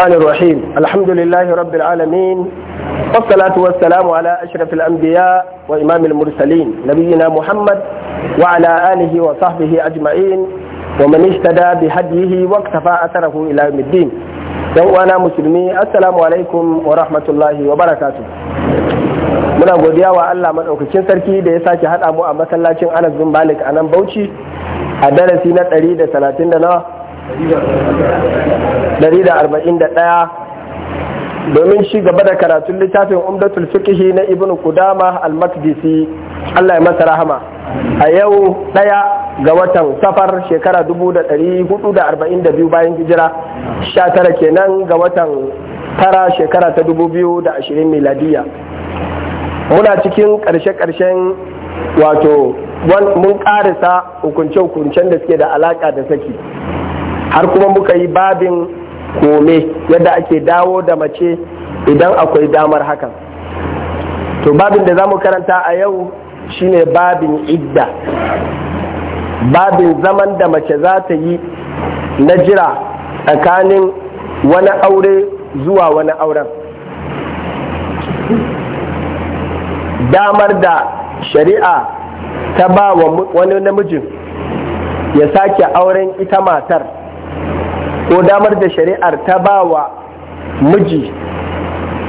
الرحمن الرحيم الحمد لله رب العالمين والصلاة والسلام على أشرف الأنبياء وإمام المرسلين نبينا محمد وعلى آله وصحبه أجمعين ومن اهتدى بهديه واقتفى أثره إلى يوم الدين وأنا مسلمي السلام عليكم ورحمة الله وبركاته muna godiya wa Allah madaukakin sarki da ya sake haɗa mu a masallacin Anas bin Malik a nan Bauchi a darasi na 130 da nawa 141 domin shi gaba da karatun littafin umdatul fikihi na ibn kudama al-makdisi Allah ya masa rahama a yau ɗaya ga watan safar shekara 442 bayan hijira 19 kenan ga watan tara shekara ta 2020 miladiya muna cikin ƙarshe-ƙarshen wato mun karisa hukunce-hukuncen da suke da alaƙa da saki har kuma muka yi babin kome yadda ake dawo da mace idan akwai damar hakan to babin da za mu karanta a yau shine babin idda babin zaman da mace za ta yi na jira tsakanin wani aure zuwa wani auren damar da shari'a ta ba wa wani namijin ya sake auren ita matar ko damar da shari'ar ta ba wa miji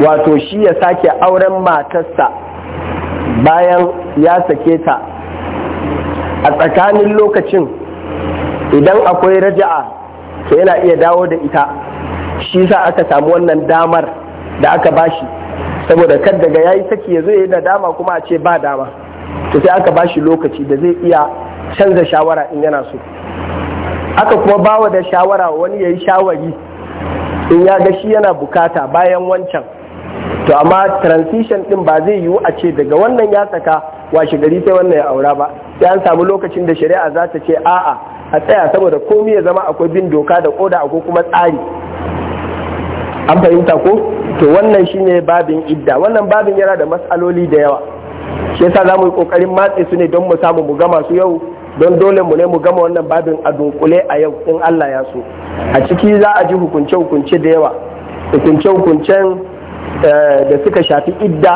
wato shi ya sake auren matarsa bayan ya sake ta a tsakanin lokacin idan akwai raja'a to yana iya dawo da ita shi sa aka samu wannan damar da aka bashi saboda kar daga yi saki ya zo ya da dama kuma a ce ba dama to sai aka bashi lokaci da zai iya canza shawara in yana so aka kuma bawa da shawara wani ya yi shawari in ya ga shi yana bukata bayan wancan to amma transition din ba zai yiwu a ce daga wannan ya saka washe gari sai wannan ya aura ba sai an samu lokacin da shari'a za ta ce a'a a tsaya saboda komai ya zama akwai bin doka da koda ko kuma tsari an fahimta ko to wannan shine babin idda wannan babin yana da matsaloli da yawa shi yasa za mu yi kokarin matse su ne don mu samu mu gama su yau don dole mu ne mu gama wannan babin a dunkule a yau in Allah ya so a ciki za a ji hukunce hukunce da yawa hukunce hukuncen eh, da suka shafi idda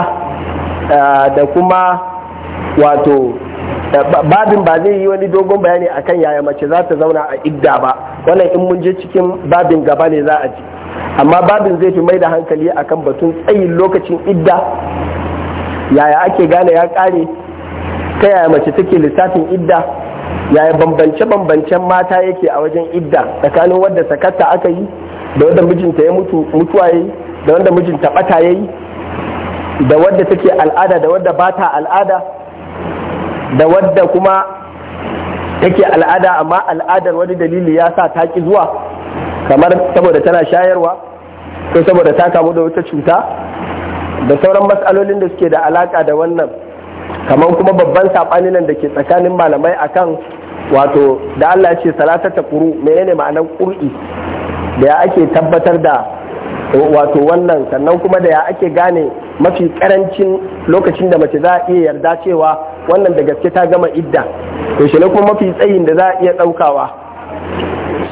eh, da kuma wato eh, babin ba zai yi wani dogon bayani akan yaya mace za ta zauna a idda ba wannan in mun je cikin babin gaba ne za a ji amma babin zai fi mai da hankali akan batun tsayin lokacin idda yaya ake gane ya kare ta yaya mace take lissafin idda yaya bambance-bambancen mata yake a wajen idda tsakanin wadda sakatta aka yi da wadda mijinta ya mutu mutuwa yayi da wadda mijinta bata yayi da wadda take al'ada da wadda bata al'ada da wadda kuma take al'ada amma al'adar wani dalili ya sa ta ki zuwa kamar saboda tana shayarwa ko saboda ta kamu da wata cuta da sauran matsalolin da suke da alaka da wannan kamar kuma babban saɓani nan da ke tsakanin malamai akan wato da Allah ya ce salatata quru menene ma'anar qur'i da ya ake tabbatar da wato wannan sannan kuma da ya ake gane mafi karancin lokacin da mace za a iya yarda cewa wannan da gaske ta gama idda to shi ne kuma mafi tsayin da za a iya daukawa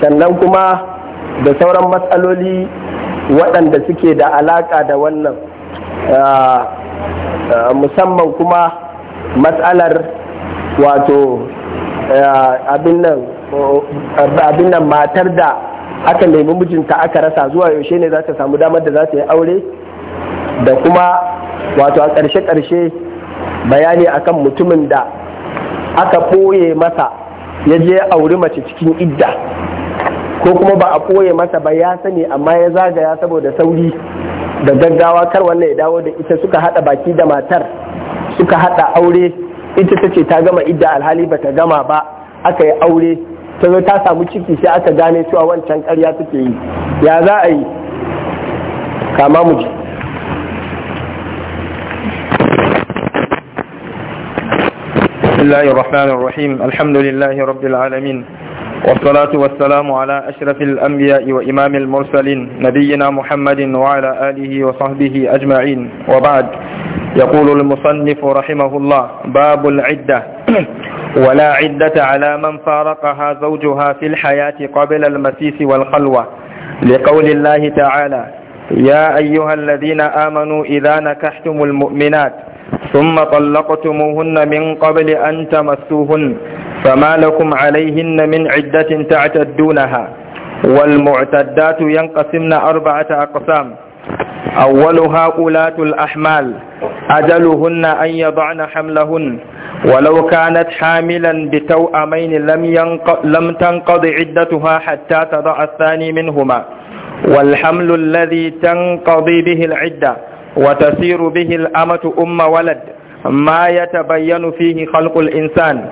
sannan kuma da sauran matsaloli waɗanda suke da alaƙa da wannan musamman kuma matsalar wato Eh, abin nan matar da aka nemi mijinta aka rasa zuwa yaushe ne za ta samu damar da za ta yi aure da kuma wato a ƙarshe-ƙarshe bayani akan mutumin da aka ɓoye masa ya je auri mace cikin idda ko kuma ba a ɓoye masa ba ya sani amma ya zagaya saboda sauri da gaggawa kar wannan ya dawo da ita suka haɗa baki da matar suka haɗa aure ita ta ce ta gama idda alhali ta gama ba aka yi aure ta zo ta samu ciki sai aka gane cewa wancan ƙarya take yi ya za a yi kama mu ji بسم الله الرحمن الرحيم الحمد لله رب العالمين والصلاة والسلام على أشرف الأنبياء وإمام المرسلين نبينا محمد وعلى آله وصحبه أجمعين وبعد يقول المصنف رحمه الله باب العدة ولا عدة على من فارقها زوجها في الحياة قبل المسيس والخلوة لقول الله تعالى يا أيها الذين آمنوا إذا نكحتم المؤمنات ثم طلقتموهن من قبل أن تمسوهن فما لكم عليهن من عدة تعتدونها والمعتدات ينقسمن أربعة أقسام أولها أولاة الأحمال أجلهن أن يضعن حملهن ولو كانت حاملا بتوأمين لم, ينق... لم تنقض عدتها حتى تضع الثاني منهما والحمل الذي تنقضي به العدة وتسير به الأمة أم ولد ما يتبين فيه خلق الإنسان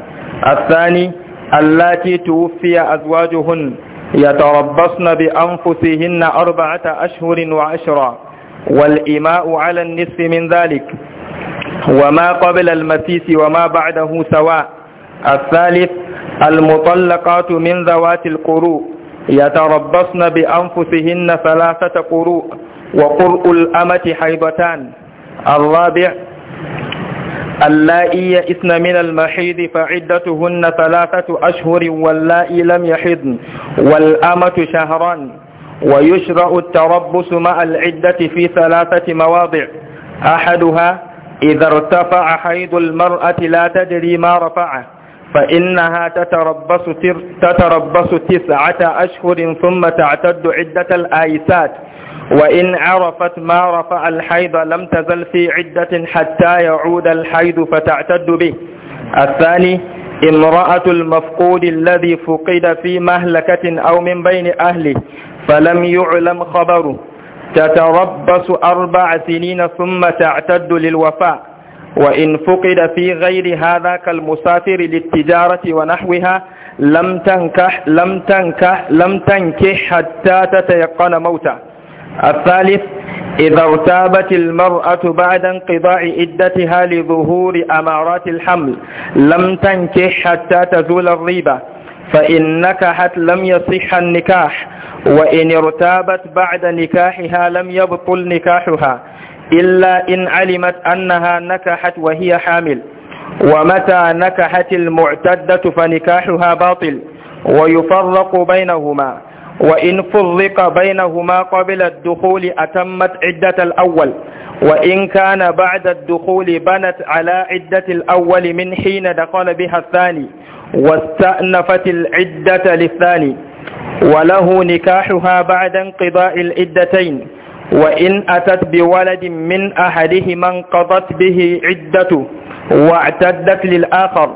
الثاني اللاتي توفي أزواجهن يتربصن بأنفسهن أربعة أشهر وعشرا والإماء على النصف من ذلك وما قبل المسيس وما بعده سواء الثالث المطلقات من ذوات القروء يتربصن بأنفسهن ثلاثة قروء وقرء الأمة حيضتان الرابع اللائي يئسن من المحيض فعدتهن ثلاثة أشهر واللائي لم يحضن والأمة شهران ويشرع التربص مع العدة في ثلاثة مواضع أحدها إذا ارتفع حيض المرأة لا تدري ما رفعه فإنها تتربص, تتربص تسعة أشهر ثم تعتد عدة الآيسات وإن عرفت ما رفع الحيض لم تزل في عدة حتى يعود الحيض فتعتد به الثاني امرأة المفقود الذي فقد في مهلكة أو من بين أهله فلم يعلم خبره تتربص أربع سنين ثم تعتد للوفاء وإن فقد في غير هذا كالمسافر للتجارة ونحوها لم تنكح لم تنكح لم تنكح حتى تتيقن موته الثالث إذا ارتابت المرأة بعد انقضاء عدتها لظهور أمارات الحمل لم تنكح حتى تزول الريبة فإن نكحت لم يصح النكاح وإن ارتابت بعد نكاحها لم يبطل نكاحها إلا إن علمت أنها نكحت وهي حامل ومتى نكحت المعتدة فنكاحها باطل ويفرق بينهما وإن فرق بينهما قبل الدخول أتمت عدة الأول وإن كان بعد الدخول بنت على عدة الأول من حين دخل بها الثاني واستأنفت العدة للثاني وله نكاحها بعد انقضاء العدتين وإن أتت بولد من أحدهما انقضت به عدته واعتدت للآخر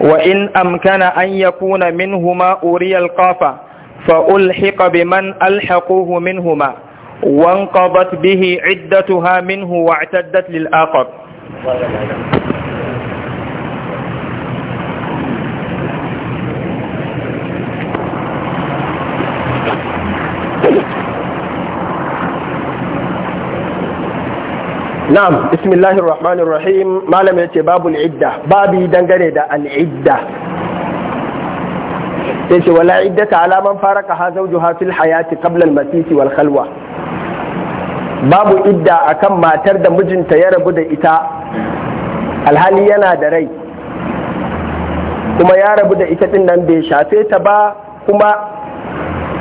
وإن أمكن أن يكون منهما أوري القافة فألحق بمن ألحقوه منهما وانقضت به عدتها منه واعتدت للآخر نعم بسم الله الرحمن الرحيم ما لم يتي باب العدة بابي دنقري العدة sai ce wala iddata alaman faraka ha zawjuha fil hayati qabla al masisi wal khalwa babu idda akan matar da mijinta ya rabu da ita alhali yana da rai kuma ya rabu da ita din nan bai shafe ta ba kuma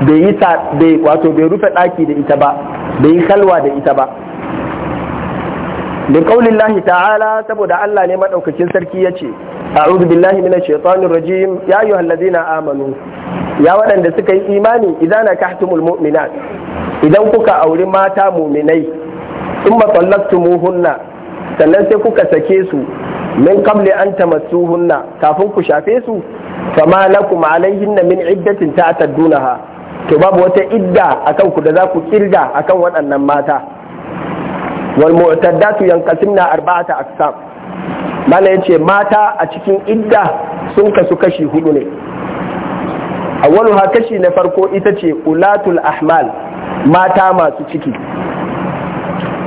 bai yi wato bai rufe daki da ita ba bai yi kalwa da ita ba bi ƙaulillahi ta'ala saboda Allah ne maɗaukacin sarki ce. A'udu billahi mina shaitanir rajim ya na amanu ya waɗanda suka yi imani idan nakahtumul mumina idan kuka auri mata mu'minai in matsallaktumuhunna sannan sai kuka sake su min qabli an hunna kafin ku shafe su fama lakum alaihinna min iddatin ta'taddunaha to babu wata idda akan ku da za ku kirga akan waɗannan mata wal mu'taddatu yanqasimna arba'ata aqsam mala yace mata a cikin idda sun kasu kashi hudu ne awwaluha kashi na farko ita ce ulatul ahmal mata masu ciki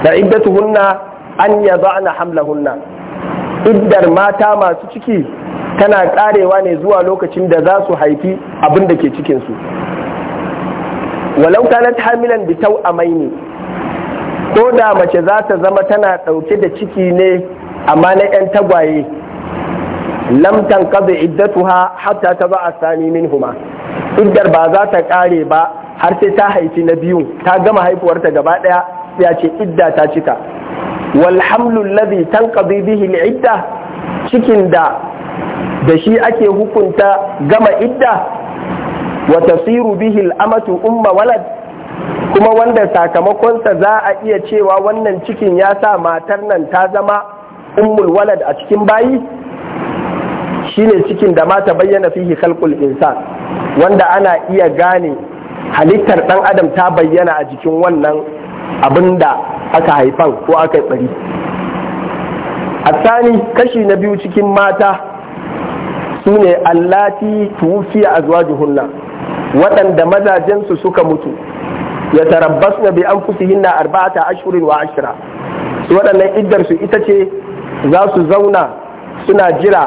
da iddatuhunna an hamla hamlahunna iddar mata masu ciki tana karewa ne zuwa lokacin da za su haifi abin da ke cikinsu walau kanat hamilan bi tau'amaini ko da mace za ta zama tana ɗauke da ciki ne amma na 'yan tagwaye lamtan kaza ha, hatta ta ba a sani min huma iddar ba za ta ƙare ba har sai ta haifi na biyu ta gama haifuwarta gaba ɗaya ya ce idda ta cika walhamlu ladhi tanqadi bihi cikin da da shi ake hukunta gama idda wa tasiru bihi al'amatu umma walad kuma wanda sakamakonsa za a iya cewa wannan cikin ya sa matar nan ta zama ummul walad a cikin bayi shine cikin da mata bayyana fihi khalqul insan wanda ana iya gane halittar dan adam ta bayyana a jikin wannan abinda aka haifan ko aka tsari A tsani kashi na biyu cikin mata sune allati tufiya azwajuhunna waɗanda mazajensu suka mutu ya tarabbas na bi hinna arba'ata ashirin wa ashira. su waɗannan iddarsu ita ce za su zauna suna jira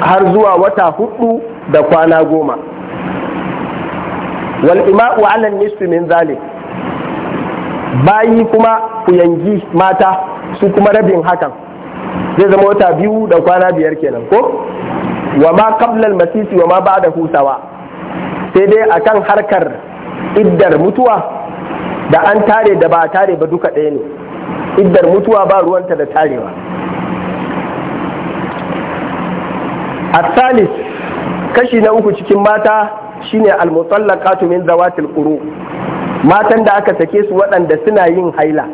har zuwa wata hudu da kwana goma wal ima'u ala nisfi min zalik bayi kuma ku yangi mata su kuma rabin hakan zai zama wata biyu da kwana biyar kenan ko wa ma qabla masisi wa ma da husawa sai dai akan harkar iddar mutuwa da an tare da ba a tare ba duka ɗaya ne iddar mutuwa ba ruwanta da tarewa A asalis kashi na uku cikin mata shine almutsallaqatu min zawatil quru matan da aka sake su waɗanda suna yin haila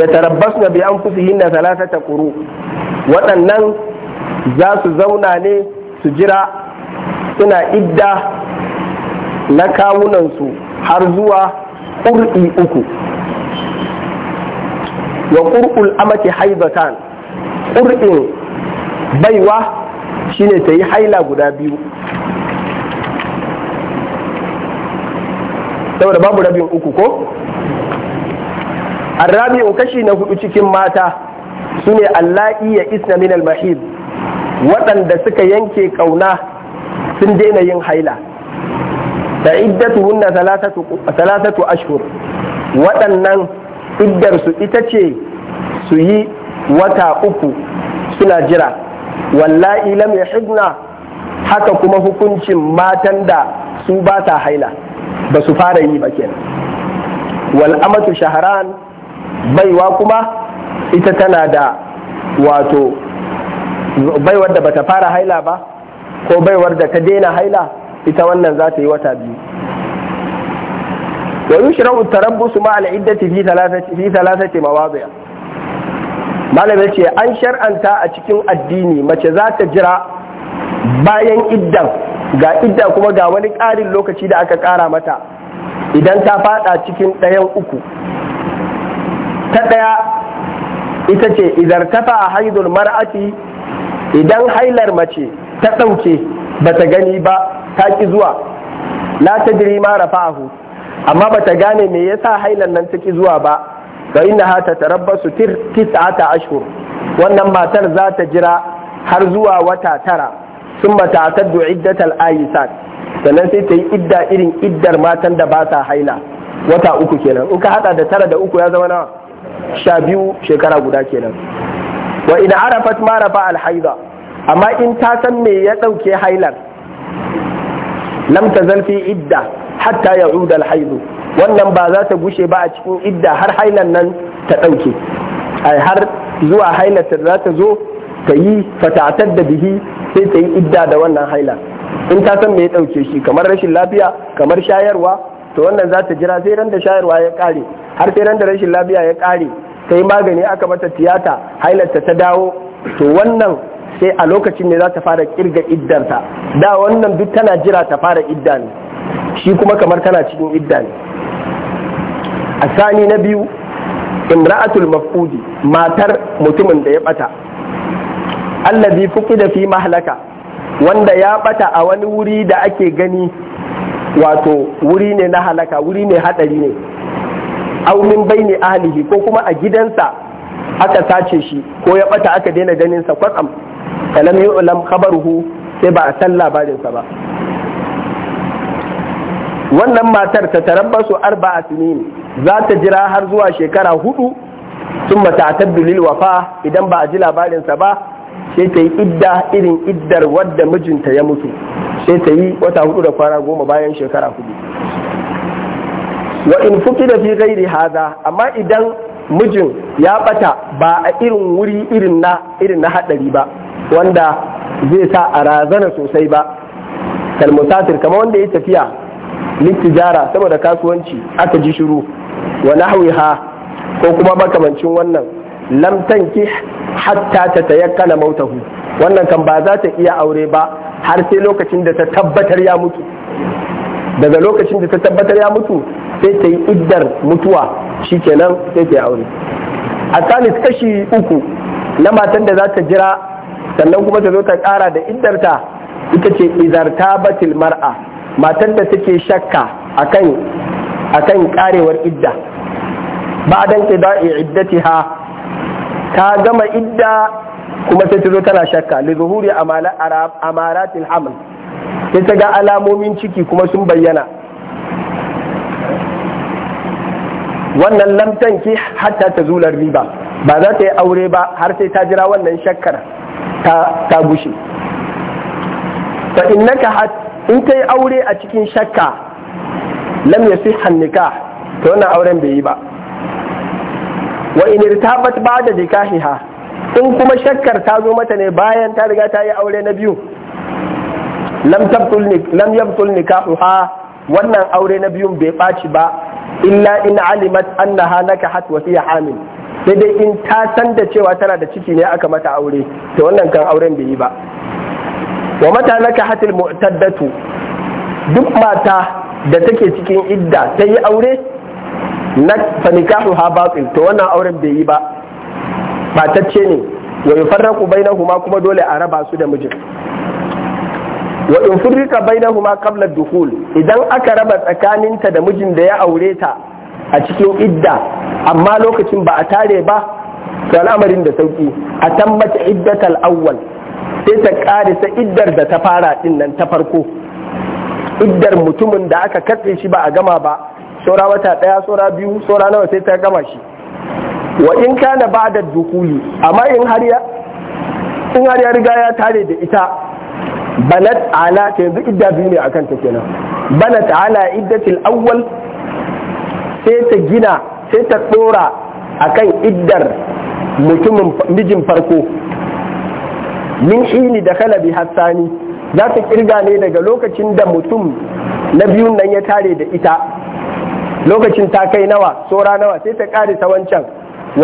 ya tarabbas na biyan yin na talatata ƙuru waɗannan za su zauna ne su jira suna idda na kawunansu har zuwa ƙur'i uku wa ƙur'ul amati haibatan ƙur'in baiwa shine ta yi haila guda biyu saboda babu rabin uku ko arrabi'u kashi na hudu cikin mata sune alla'i ya isna min al waɗanda suka yanke ƙauna sun daina yin haila da iddatuhunna salasatu ashhur waɗannan iddarsu ita ce su yi wata uku suna jira wallahi lam yahidna haka kuma hukuncin matan da su ba ta haila ba su fara yi ba kenan wal amatu shaharan baiwa kuma ita tana da wato baiwar da bata fara haila ba ko baiwar da ta daina haila ita wannan za ta yi wata biyu wa yushra'u tarabbusu ma al ta fi thalathati fi thalathati mawadi' ce an shar'anta a cikin addini mace za ta jira bayan iddan ga idda kuma ga wani ƙarin lokaci da aka ƙara mata idan ta fada cikin ɗayan uku ta ɗaya ita ce idan ta a haidul mar'ati idan hailar mace ta ɗauke ba ta gani ba ta ki zuwa la tajri ma rafa'ahu amma bata gane me yasa hailan nan ta ki zuwa ba fa innaha tatarabbasu tis'ata ashhur wannan matar za ta jira har zuwa wata tara sun mata du iddatal ayisat sannan sai ta yi idda irin iddar matan da ba sa haila wata uku kenan in ka hada da tara da uku ya zama nawa sha biyu shekara guda kenan wa ina arafat ma rafa haida amma in ta san me ya dauke hailar lam tazal fi idda hatta ya'ud al haid wannan ba za ta gushe ba a cikin idda har hailan nan ta dauke ai har zuwa hailar ta za ta zo ta yi fata'atar da bihi sai ta yi idda da wannan haila in ta san me ya dauke shi kamar rashin lafiya kamar shayarwa to wannan za ta jira sai ran da shayarwa ya kare har sai ran da rashin lafiya ya kare ta yi magani aka mata tiyata ta ta dawo to wannan sai a lokacin ne za ta fara kirga iddarta da wannan duk tana jira ta fara idda shi kuma kamar tana cikin idda a sani na biyu imra'atul mafudi matar mutumin da ya bata allazi da fi mahalaka wanda ya bata a wani wuri da ake gani wato wuri ne na halaka wuri ne hadari ne aumin baini ahalihi ko kuma a gidansa aka sace shi ko ya bata aka daina ganin sa kwatsam falam yu'lam khabaruhu sai ba a san labarin sa ba wannan matar ta tarabbasu arba'a sinin za ta jira har zuwa shekara hudu sun mata lil wafa idan ba a ji labarin sa ba sai ta yi idda irin iddar wadda mijinta ya mutu sai ta yi wata hudu da kwana goma bayan shekara hudu wa in fuki da fi gairi haza amma idan mijin ya bata ba a irin wuri irin na irin na hadari ba wanda zai sa a razana sosai ba kalmusatir kamar wanda ya tafiya littijara saboda kasuwanci aka ji shiru wa nahwiha ko kuma makamancin wannan lam tanki hatta ta tayakkana mautahu wannan kan ba za ta iya aure ba har sai lokacin da ta tabbatar ya mutu daga lokacin da ta tabbatar ya mutu sai ta yi iddar mutuwa shikenan sai ta yi aure a salis kashi uku na matan da za ta jira sannan kuma ta zo ta kara da iddarta ita ce izarta batil mar'a matan da take shakka akan akan karewar idda ba dan ke iddati ha ta gama idda kuma sai ta zo tana shakka li zuhuri maratil haml sai ta ga alamomin ciki kuma sun bayyana wannan ki hatta ta zular riba ba za ta yi aure ba har sai ta jira wannan shakkar ta gushe fa innaka in ta yi aure a cikin shakka lam yasi hannika to wannan auren bai yi ba wa in irtabat ba'da jikahiha in kuma shakkar ta zo mata ne bayan ta riga ta yi aure na biyu lam yabtul nikahuha wannan aure na biyun bai ɓaci ba illa in alimat annaha nakahat wa hiya hamil sai dai in ta san da cewa tana da ciki ne aka mata aure to wannan kan auren bai yi ba wa mata nakahat al mu'taddatu duk mata da take cikin idda ta yi aure na fanikahu ha batil to wannan auren bai yi ba batacce ne wa yufarraqu bainahuma kuma dole a raba su da mijin wa in furrika bainahuma qabla dukhul idan aka raba tsakaninta da mijin da ya aure ta a cikin idda amma lokacin ba a tare ba to al'amarin da sauki a tammata iddatal awwal sai ta sa iddar da ta fara din nan ta farko iddar mutumin da aka katse shi ba a gama ba saura wata daya saura biyu saura nawa sai ta gama shi wa in kana ba da dukuli amma in har ya in har ya riga ya tare da ita banat ala ta yanzu idda biyu ne akan ta kenan banat ala awwal sai ta gina sai ta dora akan iddar mutumin mijin farko min hini da kalabi hassani za ta kirga ne daga lokacin da mutum na biyun nan ya tare da ita lokacin ta kai nawa sora nawa sai ta ƙarisa wancan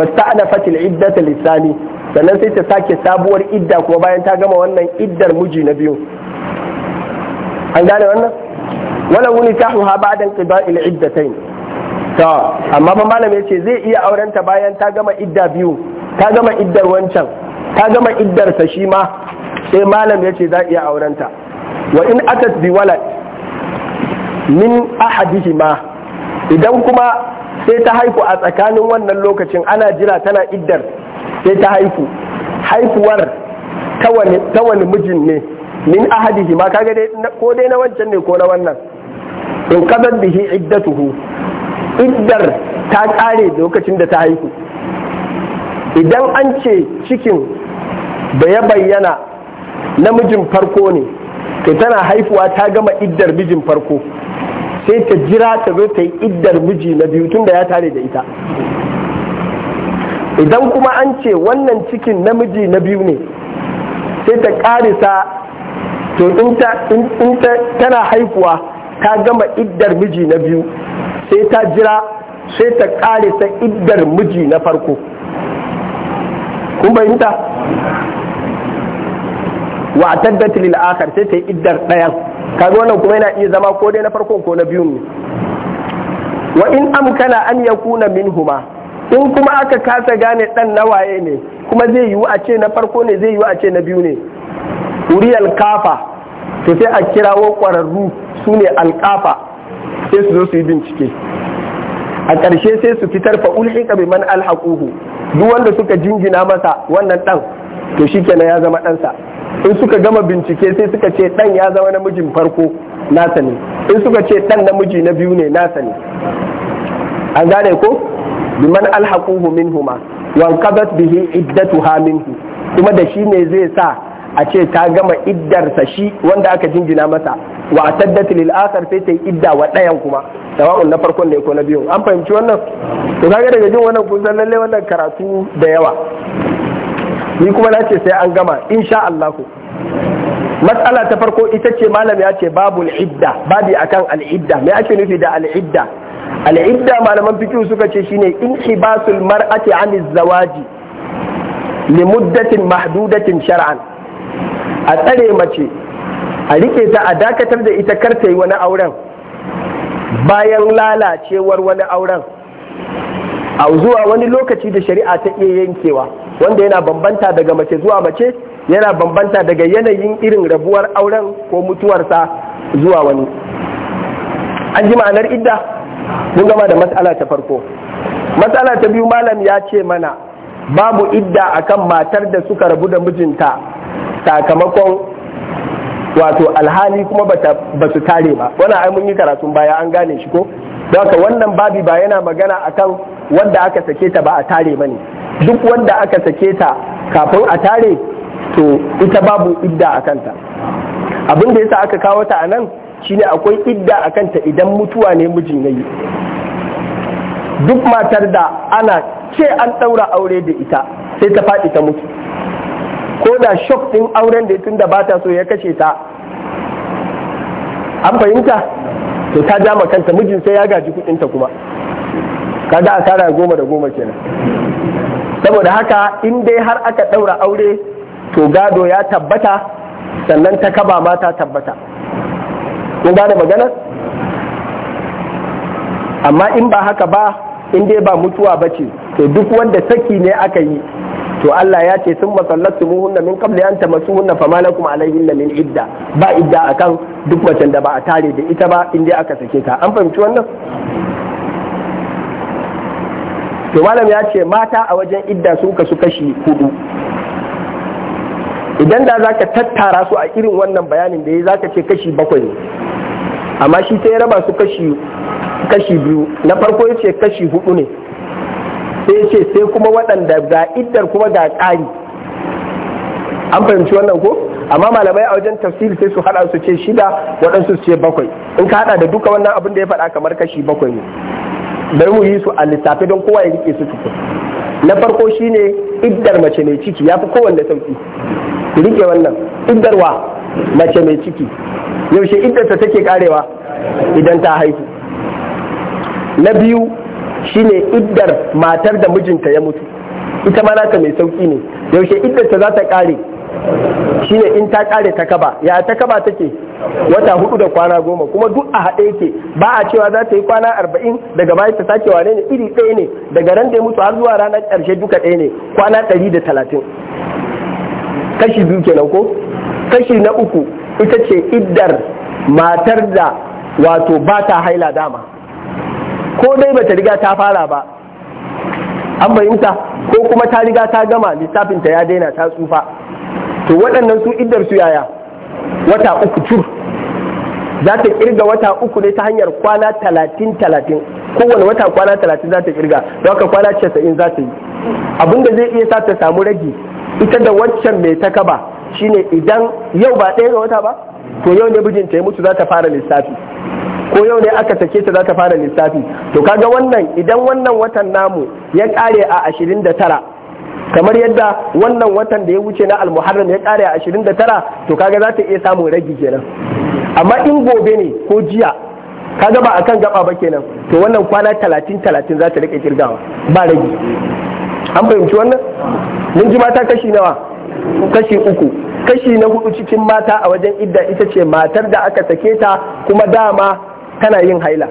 wasta ana fatil iddata lissani sannan sai ta sake sabuwar idda kuma bayan ta gama wannan iddar miji na biyu an gane wannan wala wuni ta ba dan ba'dan il iddatain to amma fa malam yace zai iya aurenta bayan ta gama idda biyu ta gama iddar wancan ta gama iddar sa shi ma sai malam yace za iya aurenta wa in atat bi walad min ahadihima idan kuma sai ta haiku a tsakanin wannan lokacin ana jira tana iddar sai ta haihu haifuwar ta wani mijin ne min ahadihi ma kaga dai ko dai na wancan ne ko na wannan in kadar bihi iddatuhu iddar ta kare lokacin da ta haihu idan an ce cikin da ya bayyana mijin farko ne to tana haifuwa ta gama iddar mijin farko sai ta jira ta zo ta yi iddar miji na biyu tun da ya tare da ita idan kuma an ce wannan cikin namiji na biyu ne sai ta karisa to in tana haifuwa ta gama iddar miji na biyu sai ta jira sai ta karisa iddar miji na farko kun yinta wa a lil akhar sai ta yi iddar ɗayan kaga wannan kuma yana iya zama ko dai na farko ko na biyun ne wa in amkana an yakuna huma. in kuma aka kasa gane dan nawaye ne kuma zai yiwu a ce na farko ne zai yiwu a ce na biyu ne wuri kafa to sai a kirawo kwararru su ne alkafa sai su zo su yi bincike a ƙarshe sai su fitar fa ulhiqa bi man alhaquhu duk wanda suka jingina masa wannan dan to shikenan ya zama ɗansa in suka gama bincike sai suka ce dan ya zama namijin farko nasa ne in suka ce dan namiji na biyu ne nasa ne an gane ko biman alhaquhu minhuma qadat bihi iddatuha minhu kuma da shi ne zai sa a ce ta gama iddarsa shi wanda aka jinjina masa wa ataddat lil akhar sai ta idda wa dayan kuma tawa'un na farkon ne ko na biyun an fahimci wannan to kaga daga jin wannan kun san lalle wannan karatu da yawa ni kuma na ce sai an gama insha Allah matsala ta farko ita ce malam ya ce babul idda babi akan al idda me ake nufi da al idda al'idda malaman fikihu suka ce shine in inhibasul mar'ati an zawaji li muddatin mahdudatin shar'an a tsare mace a rike ta a dakatar da ita kar ta yi wani auren bayan lalacewar wani auren a zuwa wani lokaci da shari'a ta iya yankewa wanda yana bambanta daga mace zuwa mace yana bambanta daga yanayin irin rabuwar auren ko mutuwarsa zuwa wani an ji ma'anar idda mun gama da matsala ta farko matsala ta biyu malam ya ce mana babu idda akan matar da suka rabu da mijinta sakamakon wato alhali kuma ba su tare ba wani ai mun yi karatun baya an gane shi ko haka wannan babi ba yana magana akan wanda aka sake ta ba a tare ba ne duk wanda aka sake ta kafin a tare to ita babu idda a kanta abin da yasa aka kawo ta a nan shine akwai idda a kanta idan mutuwa ne mijin yayi duk matar da ana ce an ɗaura aure da ita sai ta faɗi ta mutu ko da shock ɗin auren da tun da ba ta so ya kashe ta an fahimta to ta jama kanta mijin sai ya gaji kuɗinta kuma kaga tara goma da goma kenan saboda haka in dai har aka ɗaura aure to gado ya tabbata sannan ta kaba ma ta tabbata kun gane magana amma in ba haka ba in dai ba mutuwa ba ce to duk wanda saki ne aka yi to Allah ya ce sun masallatu muhunna min qabli an tamasuhunna fama lakum alayhinna min idda ba idda akan duk macen da ba a tare da ita ba in dai aka sake ta an fahimci wannan to malam ya ce mata a wajen idda sun kasu kashi hudu idan da zaka tattara su a irin wannan bayanin da ya zaka ce kashi bakwai ne amma shi ta ya raba su kashi biyu na farko ya ce kashi hudu ne sai ce sai kuma waɗanda ga iddar kuma ga ƙari an fahimci wannan ko amma malamai a wajen tafsiri sai su haɗa su ce shida waɗansu su ce bakwai in ka haɗa da duka wannan abin da ya faɗa kamar kashi bakwai ne bai mu yi su a lissafi don kowa ya rike su tukun na farko shine iddar mace mai ciki ya fi kowanne sauki ki rike wannan iddarwa mace mai ciki yaushe iddarta take karewa idan ta haihu na biyu shine iddar matar da mijinta ya mutu ita ma nata mai sauki ne yaushe iddarta za ta kare shine in ta kare ta kaba ya ta kaba take wata hudu da kwana goma kuma duk a haɗe yake ba a cewa za ta yi kwana arba'in daga baya ta sake wane ne iri ɗaya ne daga ran da ya mutu har zuwa ranar ƙarshe duka ɗaya ne kwana ɗari da talatin kashi biyu kenan ko kashi na uku ita ce iddar matar da wato ba ta haila dama ko dai bata riga ta fara ba an fahimta ko kuma ta riga ta gama lissafinta ya daina ta tsufa to waɗannan su iddar su yaya wata uku cur za ta kirga wata uku ne ta hanyar kwana talatin talatin kowane wata kwana talatin za ta kirga don haka kwana casa'in za ta yi abinda zai iya sa ta samu rage ita da waccan mai ta kaba shine idan yau ba ɗaya ga wata ba to yau ne mijinta ya mutu za ta fara lissafi ko yau ne aka sake ta za ta fara lissafi to kaga wannan idan wannan watan namu ya ƙare a ashirin da tara kamar yadda wannan watan da ya wuce na almuharram ya ƙare a ashirin da tara to kaga za ta iya samun ragi kenan amma in gobe ne ko jiya kaga ba akan gaba ba kenan to wannan kwana talatin talatin za ta rike kirgawa ba ragi an fahimci wannan mun ji mata kashi nawa kashi uku kashi na hudu cikin mata a wajen idda ita ce matar da aka sake ta kuma dama tana yin haila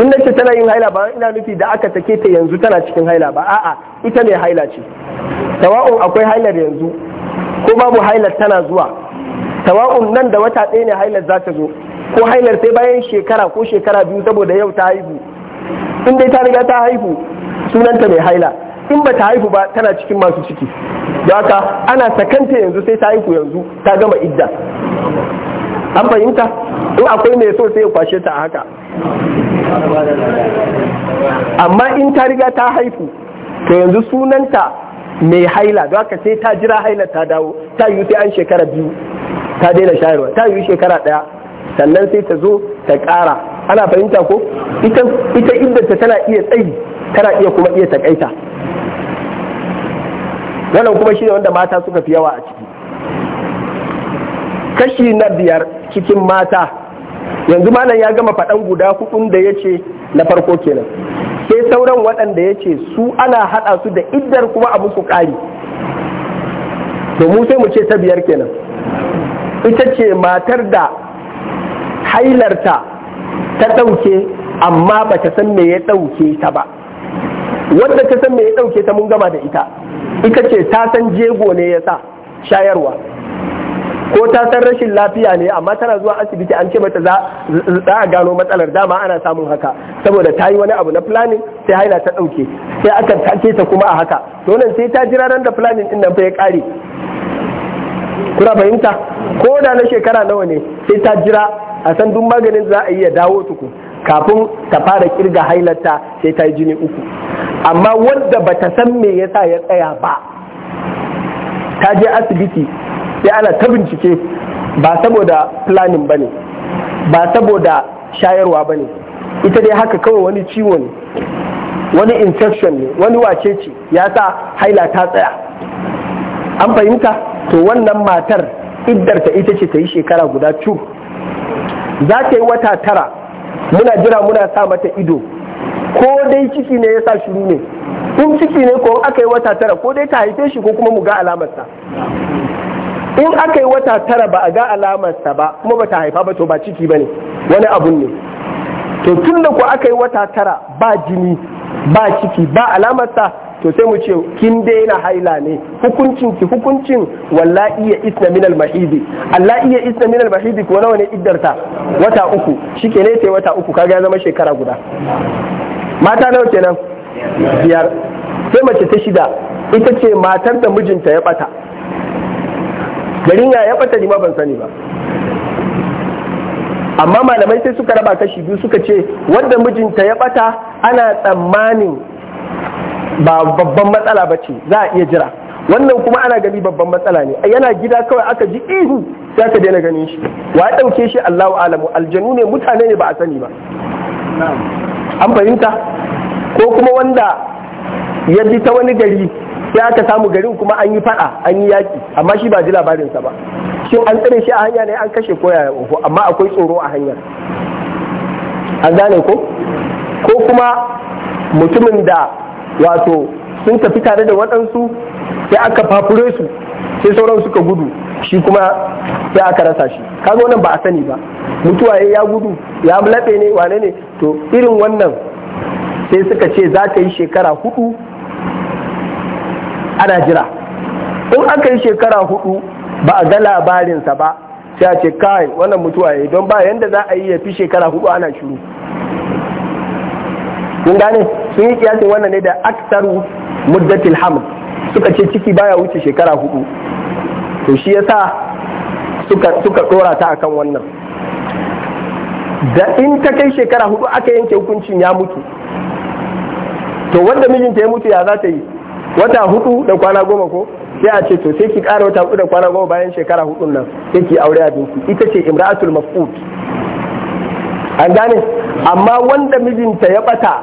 in na ce tana yin haila ba ina nufi da aka sake ta yanzu tana cikin haila ba a'a ita ne haila ce tawa'un akwai hailar yanzu ko babu hailar tana zuwa tawa'un nan da wata ɗaya ne hailar za ta zo ko hailar sai bayan shekara ko shekara biyu saboda yau ta haihu in dai ta riga ta haihu sunanta mai haila in ba ta haihu ba tana cikin masu ciki da haka ana sakanta yanzu sai ta haihu yanzu ta gama idda an fahimta in akwai mai so sai ya kwashe ta haka amma in ta riga ta haihu to yanzu sunanta mai haila da haka sai ta jira haila ta dawo ta yi sai an shekara biyu ta daina shayarwa ta yi shekara daya sannan sai ta zo ta kara ana fahimta ko ita inda ta tana iya tsayi tana iya kuma iya takaita wannan kuma shi ne wanda mata suka fi yawa a ciki kashi na biyar cikin mata yanzu malam ya gama faɗan guda hudun da ya ce na farko kenan sai sauran waɗanda ya ce su ana haɗa su da iddar kuma abu su ƙari to mu sai mu ce ta biyar kenan ita ce matar da hailarta ta ɗauke amma ba ta san me ya ɗauke ta ba wadda ta san me ya ɗauke ta mun gama da ita ita ce ta san jego ne ya sa shayarwa ko ta san rashin lafiya ne amma tana zuwa asibiti an ce mata za a gano matsalar dama ana samun haka saboda ta yi wani abu na planning sai haina ta ɗauke sai aka take ta kuma a haka to sai ta jira ran da planning din nan fa ya ƙare kuna fahimta ko da na shekara nawa ne sai ta jira a san duk maganin za a yi ya dawo tuku kafin ta fara kirga hailarta sai ta yi jini uku amma wadda ba ta san me yasa ya tsaya ba ta je asibiti sai ana ta bincike ba saboda planning ba ne ba saboda shayarwa ba ne ita dai haka kawai wani ciwo ne wani infection ne wani wace ce ya sa haila ta tsaya an fahimta to wannan matar iddarta ita ce ta yi shekara guda cu za ta yi wata tara muna jira muna sa mata ido ko dai ciki ne ya sa shiru ne in ciki ne ko aka yi wata tara ko dai ta haife shi ko kuma mu ga alamarsa in aka yi wata tara ba a ga alamarsa ba kuma ba ta haifa ba to ba ciki ba ne wani abun ne to tun da ko aka yi wata tara ba jini ba ciki ba alamarsa to sai mu ce kin daina haila ne hukuncin ki hukuncin wallahi ya isna min al mahidi Allah iya isna min al mahidi ko nawa ne iddarta wata uku shike ne sai wata uku kaga ya zama shekara guda mata nawa kenan biyar sai mace ta shida ita ce matar da mijinta ya bata garin ya ya bata ni ma ban sani ba amma malamai sai suka raba kashi biyu suka ce wanda mijinta ya bata ana tsammanin ba babban matsala ba ce za a iya jira wannan kuma ana gani babban matsala ne yana gida kawai aka ji ihu ya aka daina ganin shi wa ya ɗauke shi Allahu alamu aljanu ne mutane ne ba a sani ba an fahimta ko kuma wanda ya ji ta wani gari sai aka samu garin kuma an yi fada an yi yaki amma shi ba ji labarinsa ba shin an tsare shi a hanya ne an kashe ko yaya amma akwai tsoro a hanyar an gane ko ko kuma mutumin da wato sun tafi tare da waɗansu sai aka fafure su sai sauran suka gudu shi kuma sai aka rasa shi kaga wannan ba a sani ba mutuwa ya gudu ya laɓe ne wane ne to irin wannan sai suka ce za ka yi shekara hudu ana jira in aka yi shekara hudu ba a ga labarinsa ba sai a ce kai wannan mutuwa ya don ba yanda za a yi ya fi shekara hudu ana shiru kun sun yi kiyasin wannan ne da aksaru muddatil hamd suka ce ciki baya wuce shekara hudu to shi yasa suka suka dora ta akan wannan da in ta kai shekara hudu aka yanke hukuncin ya mutu to wanda mijinta ya mutu ya za ta yi wata hudu da kwana goma ko sai a ce to sai ki kara wata hudu da kwana goma bayan shekara hudun nan sai ki aure abinki ita ce imra'atul mafqud an gane amma wanda mijinta ya bata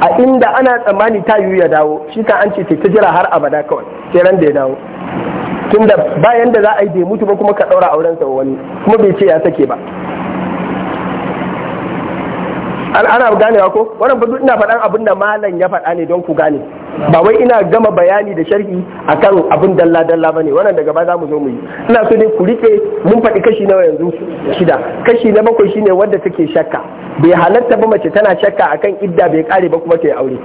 a inda ana tsammani ta yiwu ya dawo shi ka an ce ta jira har abada kawai sai ran da ya dawo tunda bayan da za a yi da mutu ba kuma ka daura auren sa wani kuma bai ce ya sake ba an ana ganewa ko wannan ba ina faɗan abin da malam ya faɗa ne don ku gane ba wai ina gama bayani da sharhi akan abin dalla dalla bane wannan daga gaba za mu zo mu yi ina so ne ku rike mun faɗi kashi nawa yanzu shida kashi na bakwai shine wadda take shakka bai halatta ba mace tana shakka akan idda bai kare ba kuma ta yi aure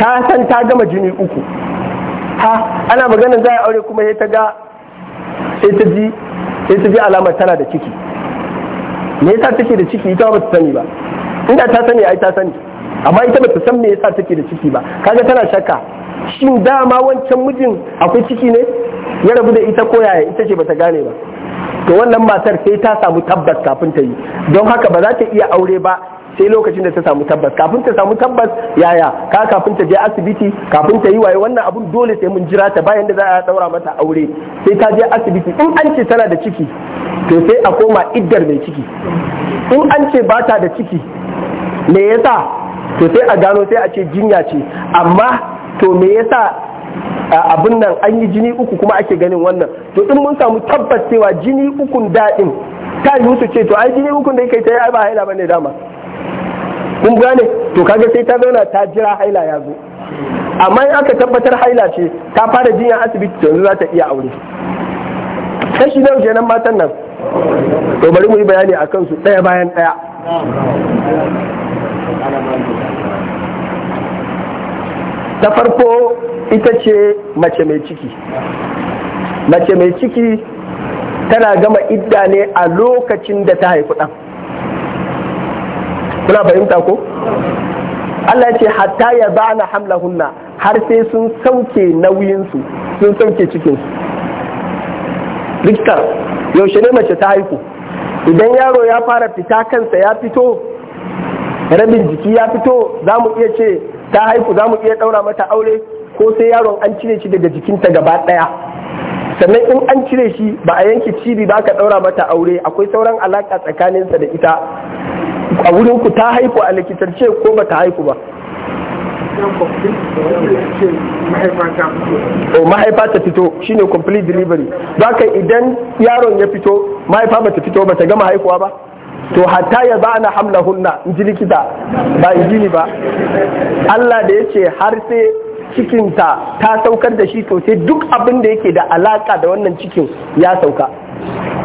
ta san ta gama jini uku ha ana maganin za a aure kuma ya ta ga sai ta ji alamar tana da ciki me yasa take da ciki ita ba ta sani ba inda ta sani ai ta sani amma ita ba ta san me yasa take da ciki ba kaga tana shakka shin dama wancan mijin akwai ciki ne ya rabu da ita ko yaya ita ce ba ta gane ba to wannan matar sai ta samu tabbas kafin ta yi don haka ba za ta iya aure ba sai lokacin da ta samu tabbas kafin ta samu tabbas yaya ka kafin ta je asibiti kafin ta yi waye wannan abun dole sai mun jira ta bayan da za a daura mata aure sai ta je asibiti in an ce tana da ciki to sai a koma iddar mai ciki in an ce ba ta da ciki me yasa to sai a gano sai a ce jinya ce amma to me yasa abin nan an yi jini uku kuma ake ganin wannan to in mun samu tabbas cewa jini ukun daɗin ta yi musu ce to ai jini uku da yake ta yi ba haila bane dama kun gane to kaga sai ta zauna ta jira haila ya zo amma in aka tabbatar haila ce ta fara jinya asibiti to yanzu za ta iya aure kashi nawa nan matan nan to bari mu yi bayani a su ɗaya bayan ɗaya ta farko ita ce mace mai ciki mace mai ciki tana gama idda ne a lokacin da ta haifu ɗan kuna fahimta ko Allah ce hatta ya ba na hamlahunna har sai sun sauke nauyinsu sun sauke cikinsu likita yaushe ne mace ta haifu? idan yaro ya fara fita kansa ya fito rabin jiki ya fito za mu iya ce ta haifu za mu iya daura mata aure ko sai yaron an cire shi daga jikinta gaba ɗaya sannan in an cire shi ba a yanke cibi ba ka ɗaura mata aure akwai sauran alaƙa tsakaninsa da ita a wurin ku ta haihu a likitarce ko ba ta haihu ba mahaifa ta fito shine complete delivery ba idan yaron ya fito mahaifa ba ta fito ba ta gama haihuwa ba to hatta ya za na hamla hunna in ji likita ba in ba Allah da ya ce har sai cikinta ta saukar da shi to sai duk abin da yake da alaka da wannan cikin ya sauka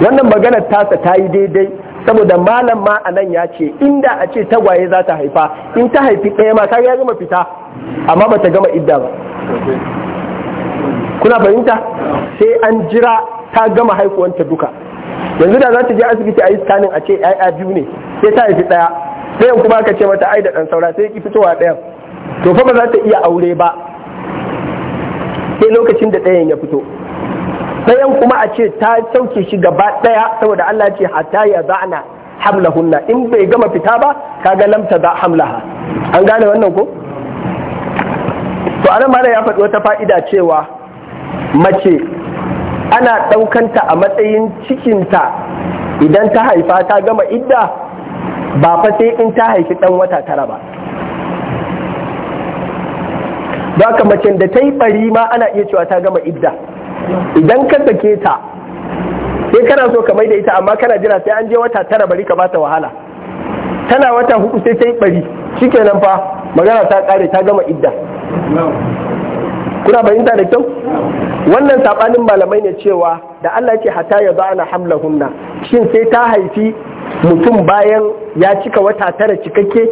wannan maganar tasa ta yi daidai saboda malam ma a nan ya ce inda a ce tagwaye za ta haifa in ta haifi ɗaya ma ta gama fita amma ba ta gama idda ba kuna fahimta sai an jira ta gama haihuwanta duka yanzu da za ta je asibiti a yi scanning a ce ya'ya biyu ne sai ta haifi ɗaya sai kuma aka ce mata ai da ɗan saura sai ki fitowa ɗayan to fa ba za ta iya aure ba sai lokacin da ɗayan ya fito ɗayan kuma a ce ta sauke shi gaba ɗaya saboda Allah ce hatta ya hamla hamlahunna in bai gama fita ba ka ga lamta za hamlaha an gane wannan ko to anan mana ya faɗi wata fa'ida cewa mace ana ɗaukanta a matsayin cikinta idan ta haifa ta gama idda ba fa sai in ta haifi ɗan wata tara ba zaka macen da ta yi bari ma ana iya cewa ta gama idda idan ka sake ta sai kana so ka mai da ita amma kana jira sai an je wata tara bari ka bata wahala tana wata hudu sai ta yi bari shikenan fa magana ta kare ta gama idda kuna fahimta da kyau wannan sabanin malamai ne cewa da Allah ce hata ya hamla hamlahunna shin sai ta haifi mutum bayan ya cika wata tara cikakke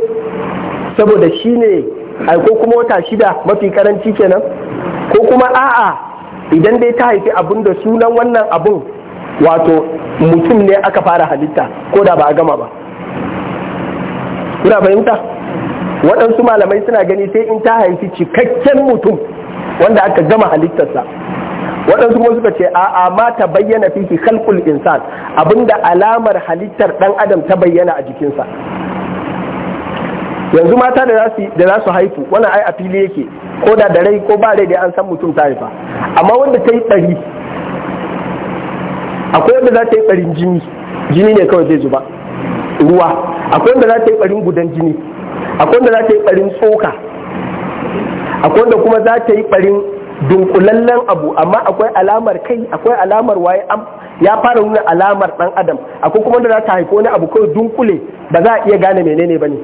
saboda shi ne ai ko kuma wata shida mafi karanci kenan ko kuma a'a idan dai ta haifi abun da sunan wannan abun wato mutum ne aka fara halitta ko da ba a gama ba kuna fahimta waɗansu malamai suna gani sai in ta haifi cikakken mutum wanda aka gama halittarsa waɗansu kuma suka ce a'a ma ta bayyana fiki khalqul insan abinda alamar halittar ɗan adam ta bayyana a jikinsa yanzu mata da za su haifu wannan ai a fili yake ko da da rai ko ba rai dai an san mutum ta haifa amma wanda ta yi ɗari akwai wanda za ta yi ɓarin jini jini ne kawai zai zuba ruwa akwai wanda za ta yi ɓarin gudan jini akwai wanda za ta yi ɓarin tsoka akwai wanda kuma za ta yi ɓarin dunkulallen abu amma akwai alamar kai akwai alamar waye am, ya fara nuna alamar ɗan adam akwai kuma wanda za ta haifi wani abu kawai dunkule ba za a iya gane menene ba ne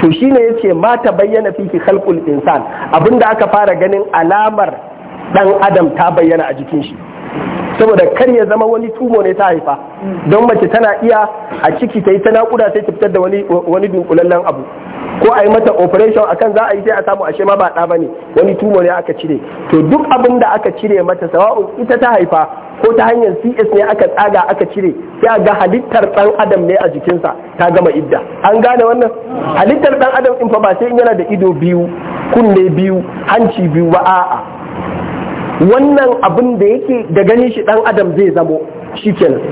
to shi ne yace ma ta bayyana fiki khalqul insan da aka fara ganin alamar ɗan adam ta bayyana a jikin shi saboda kar ya zama wani tumo ne ta haifa don mace tana iya a ciki ta yi ta naƙuda sai ta fitar da wani wani dunkulallen abu ko a yi mata operation akan za a yi sai a samu ashe ma ba ɗa ba ne, wani tumo ne aka cire to duk abin da aka cire mata sawa'un ita ta haifa ko ta hanyar cs ne aka tsaga aka cire sai a ga halittar dan adam ne a jikinsa ta gama idda an gane wannan halittar dan adam in fa ba sai in yana da ido biyu kunne biyu hanci biyu ba a'a wannan abin da yake da gani shi dan adam zai zamo shikenan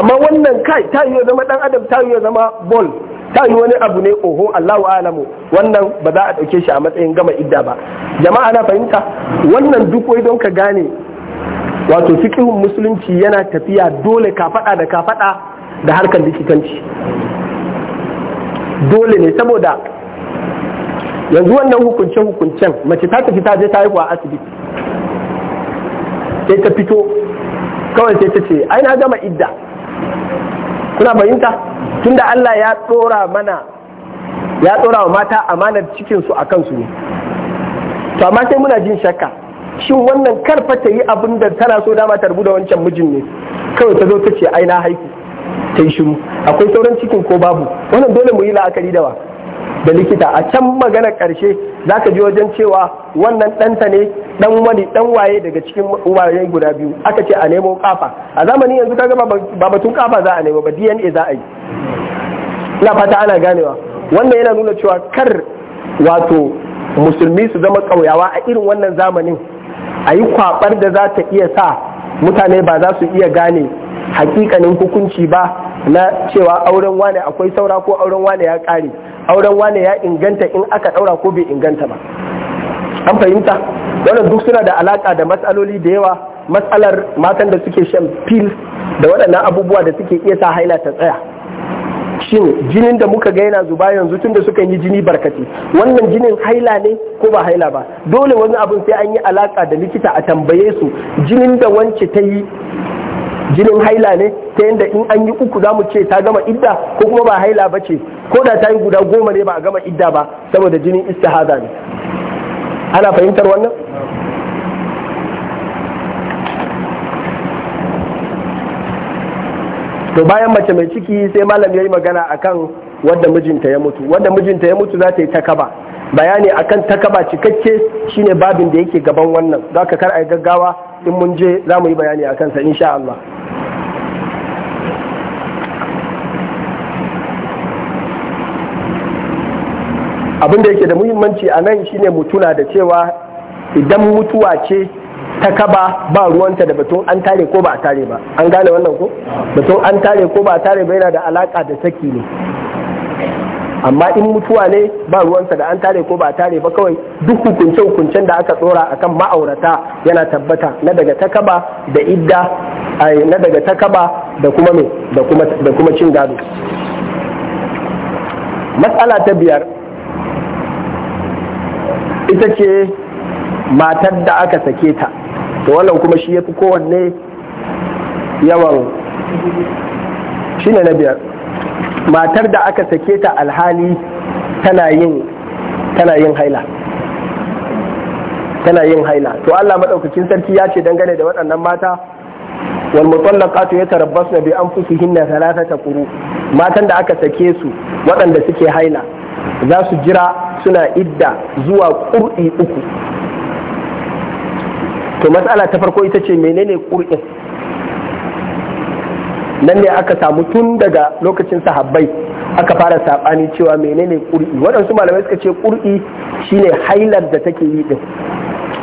amma wannan kai ta yi zama dan adam ta yi zama ball ta yi wani abu ne oho Allahu alamu wannan ba za a ɗauke shi a matsayin gama idda ba jama'a na fahimta wannan duk wai don ka gane wato fikihun musulunci yana tafiya dole ka faɗa da ka faɗa da harkar likitanci dole ne saboda yanzu wannan hukunce hukuncen mace ta tafi ta je ta haihuwa asibiti sai ta fito kawai sai ta ce ai na gama idda kuna fahimta tunda Allah ya tsora mana ya tsora wa mata amanar cikin su akan su ne to amma sai muna jin shakka shin wannan karfa ta yi abin da tana so dama ta da wancan mijin ne kawai ta zo ta ce ai na haiku ta yi shiru akwai sauran cikin ko babu wannan dole mu yi la'akari da wa da likita a can magana karshe za ka ji wajen cewa wannan ɗanta ne ɗan wani ɗan waye daga cikin uwaye guda biyu aka ce a nemo kafa a zamanin yanzu kaga ba batun kafa za a nemo ba dna za a yi ina fata ana ganewa wannan yana nuna cewa kar wato musulmi su zama ƙauyawa a irin wannan zamanin a yi kwabar da za ta iya sa mutane ba za su iya gane hakikanin hukunci ba na cewa auren wane akwai saura ko auren wane ya ƙare. auren wane ya inganta in aka daura ko bai inganta ba an fahimta wannan duk suna da alaka da matsaloli da yawa matsalar matan da suke shan pil da waɗannan abubuwa da suke iya sa haila ta tsaya shin jinin da muka ga yana zuba yanzu da suka yi jini barkati wannan jinin haila ne ko ba haila ba dole wani abin sai an yi alaka da likita a tambaye su jinin da wance ta yi jinin haila ne ta yadda in an yi uku za mu ce ta gama idda ko kuma ba haila ba ce ko da ta yi guda goma ne ba a gama idda ba saboda jinin istihada ne ana fahimtar wannan to bayan mace mai ciki sai malam ya yi magana akan wadda mijinta ya mutu wadda mijinta ya mutu za ta yi takaba bayani akan takaba cikakke shine babin da yake gaban wannan za ka kar a gaggawa in mun je za mu yi bayani a kansa insha Allah abin da yake da muhimmanci a nan shine mutuna da cewa idan mutuwa ce ta kaba ba ruwanta da batun an tare ko ba a tare ba an gane wannan ko batun an tare ko ba a tare ba yana da alaka da saki ne amma in mutuwa ne ba ruwansa da an tare ko ba tare ba kawai duk hukunce hukuncen da aka tsora akan ma'aurata yana tabbata na daga takaba da idda na daga takaba da kuma me da kuma cin gado matsala ta biyar ita ce matar da aka sake ta to wannan kuma shi ya fi kowanne yawan shi ne na biyar matar da aka sake ta alhali tana yin haila tana yin haila to Allah madaukakin sarki ya ce dangane da waɗannan mata wal mutallaqatu yatarabbasna bi anfusihinna thalathata quru matan da aka sake su waɗanda suke haila za su jira suna idda zuwa qur'i uku to matsala ta farko ita ce menene ƙur'in nan ne aka samu tun daga lokacin sahabbai aka fara saɓani cewa menene ƙur'i waɗansu malamai suka ce ƙur'i shine hailar da take yi din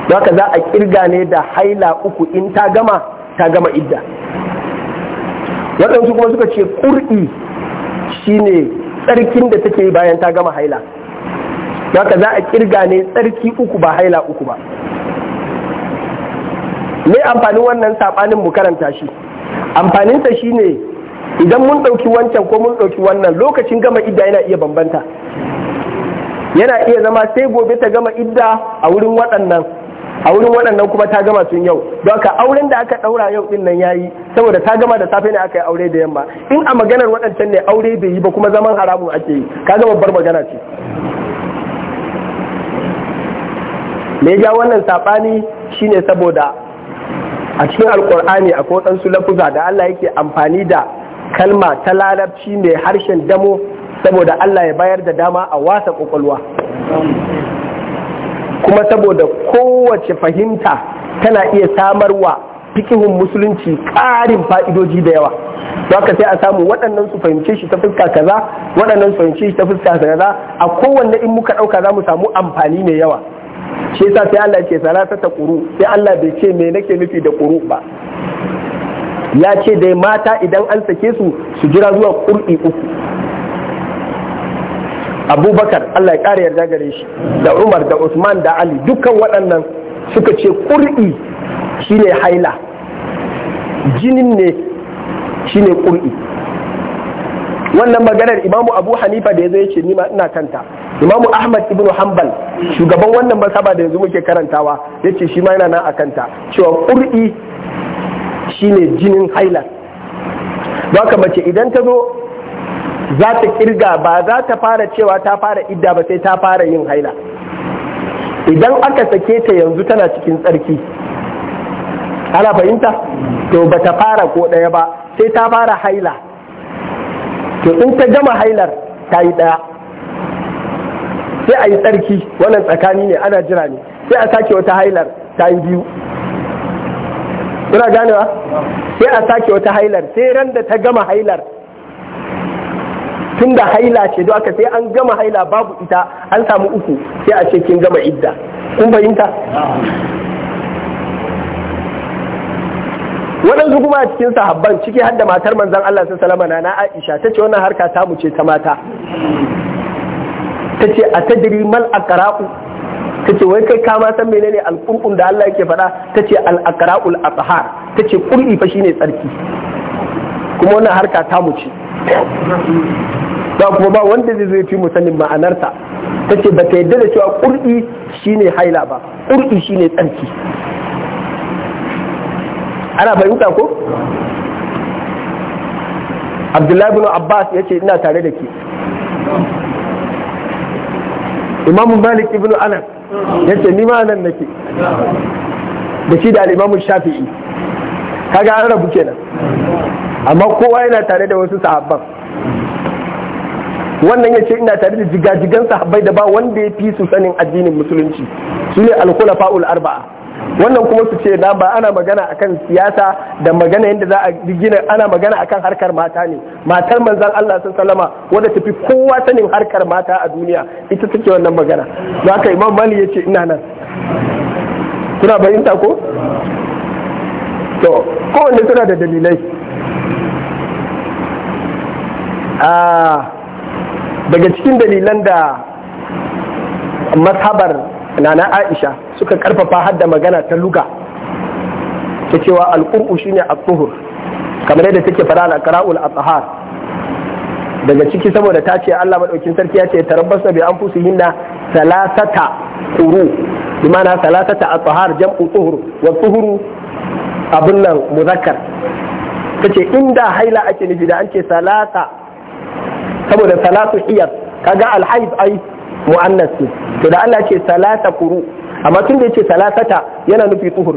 don haka za a ƙirga ne da haila uku in ta gama ta gama idda waɗansu kuma suka ce ƙur'i shine tsarkin da take yi bayan ta gama haila don haka za a ƙirga ne tsarki uku ba haila uku ba me amfanin wannan saɓanin mu karanta shi amfaninsa ne idan mun ɗauki wancan ko mun ɗauki wannan lokacin gama idda yana iya bambanta yana iya zama sai gobe ta gama idda a wurin waɗannan a wurin waɗannan kuma ta gama sun yau don ka auren da aka ɗaura yau ɗin nan yayi saboda ta gama da safe ne aka yi aure da yamma in a maganar waɗancan ne aure bai yi ba kuma zaman haramun ake yi ka gama bar magana ce me ya wannan saɓani shine saboda a cikin alkur'ani akwai waɗansu lafuza da Allah yake amfani da kalma ta larabci mai harshen damo saboda Allah ya bayar da dama a wasa ƙwaƙwalwa kuma saboda kowace fahimta tana iya samarwa fikihun musulunci ƙarin fa'idoji da yawa haka sai a samu waɗannan su fahimce shi ta fuska kaza waɗannan su fahimce shi ta fuska kaza a kowanne in muka ɗauka za mu samu amfani mai yawa shi sa sai Allah ce salata ta ƙuru sai Allah bai ce me nake nufi da ƙuru ba ya ce dai mata idan an sake su su jira zuwa ƙur'i uku abubakar Allah ya ƙara yarda gare shi da umar da usman da ali dukkan waɗannan suka ce ƙur'i shine haila jinin ne shine ƙur'i wannan maganar imamu abu hanifa da ya zai ce nima ina kanta imamu ahmad ibn hanbal shugaban wannan masaba da yanzu muke karantawa ya ce shi ma yana nan akanta cewa ƙur'i shine jinin haila haka mace idan ta zo za ta kirga ba za ta fara cewa ta fara idda ba sai ta fara yin haila idan aka sake ta yanzu tana cikin tsarki ana fahimta to ba ta fara ko ɗaya ba sai ta fara haila to in ta gama hailar ta yi ɗaya sai a yi tsarki wannan tsakani ne ana jira ne sai a sake wata hailar ta yi biyu kuna ganewa sai a sake wata hailar sai ran da ta gama hailar tun da haila ce don aka sai an gama haila babu ita an samu uku sai a ce kin gama idda kun fahimta waɗansu kuma a cikin sahabban ciki har da matar manzon Allah sallallahu alaihi wasallam na Aisha tace wannan harka mu ce ta mata ta ce a tadiri mal aqra'u ta ce wai kai ka ma san menene alqur'un da Allah yake faɗa ta ce al aqra'ul athhar ta ce qur'i fa shine tsarki kuma wannan harka ta mu ce ba kuma ba wanda zai zai fi mu sanin ma'anarta ta ce ba ta yadda da cewa qur'i shine haila ba qur'i shine tsarki ana fahimta ko abdullahi bin abbas ya ce ina tare da ke imam malik ibn anas yace ni ma nan nake da shi da al-imam shafi'i kaga an rabu kenan amma kowa yana tare da wasu sahabban wannan ya ce ina tare da jigajigan sahabbai da ba wanda ya fi su sanin addinin musulunci su ne al-khulafa'ul arba'a wannan kuma su ce na ba ana magana akan siyasa da magana yadda za a gina ana magana akan harkar mata ne matar manzan Allah sun salama wadda tafi kowa sanin harkar mata a duniya ita take wannan magana za ka imam mali ya ce ina nan kuna bayinta ko to kowanne suna da dalilai ah, daga cikin dalilan da mashabar. nana aisha suka karfafa hadda magana ta luga ta cewa al'ur'u shine a tuhur kamar yadda take fara al kara'ul at-tahar daga ciki saboda ta ce Allah maɗaukin sarki ya ce tarabbasna bi anfusihinna salasata quru bimana salasata at-tahar jam'u tuhur wa abun nan muzakkar tace inda haila ake nufi da an ce salata saboda salasu iyar kaga al-haid ai mu'annas ce to da Allah ce salasa kuru amma tun da yace salasata yana nufi tuhur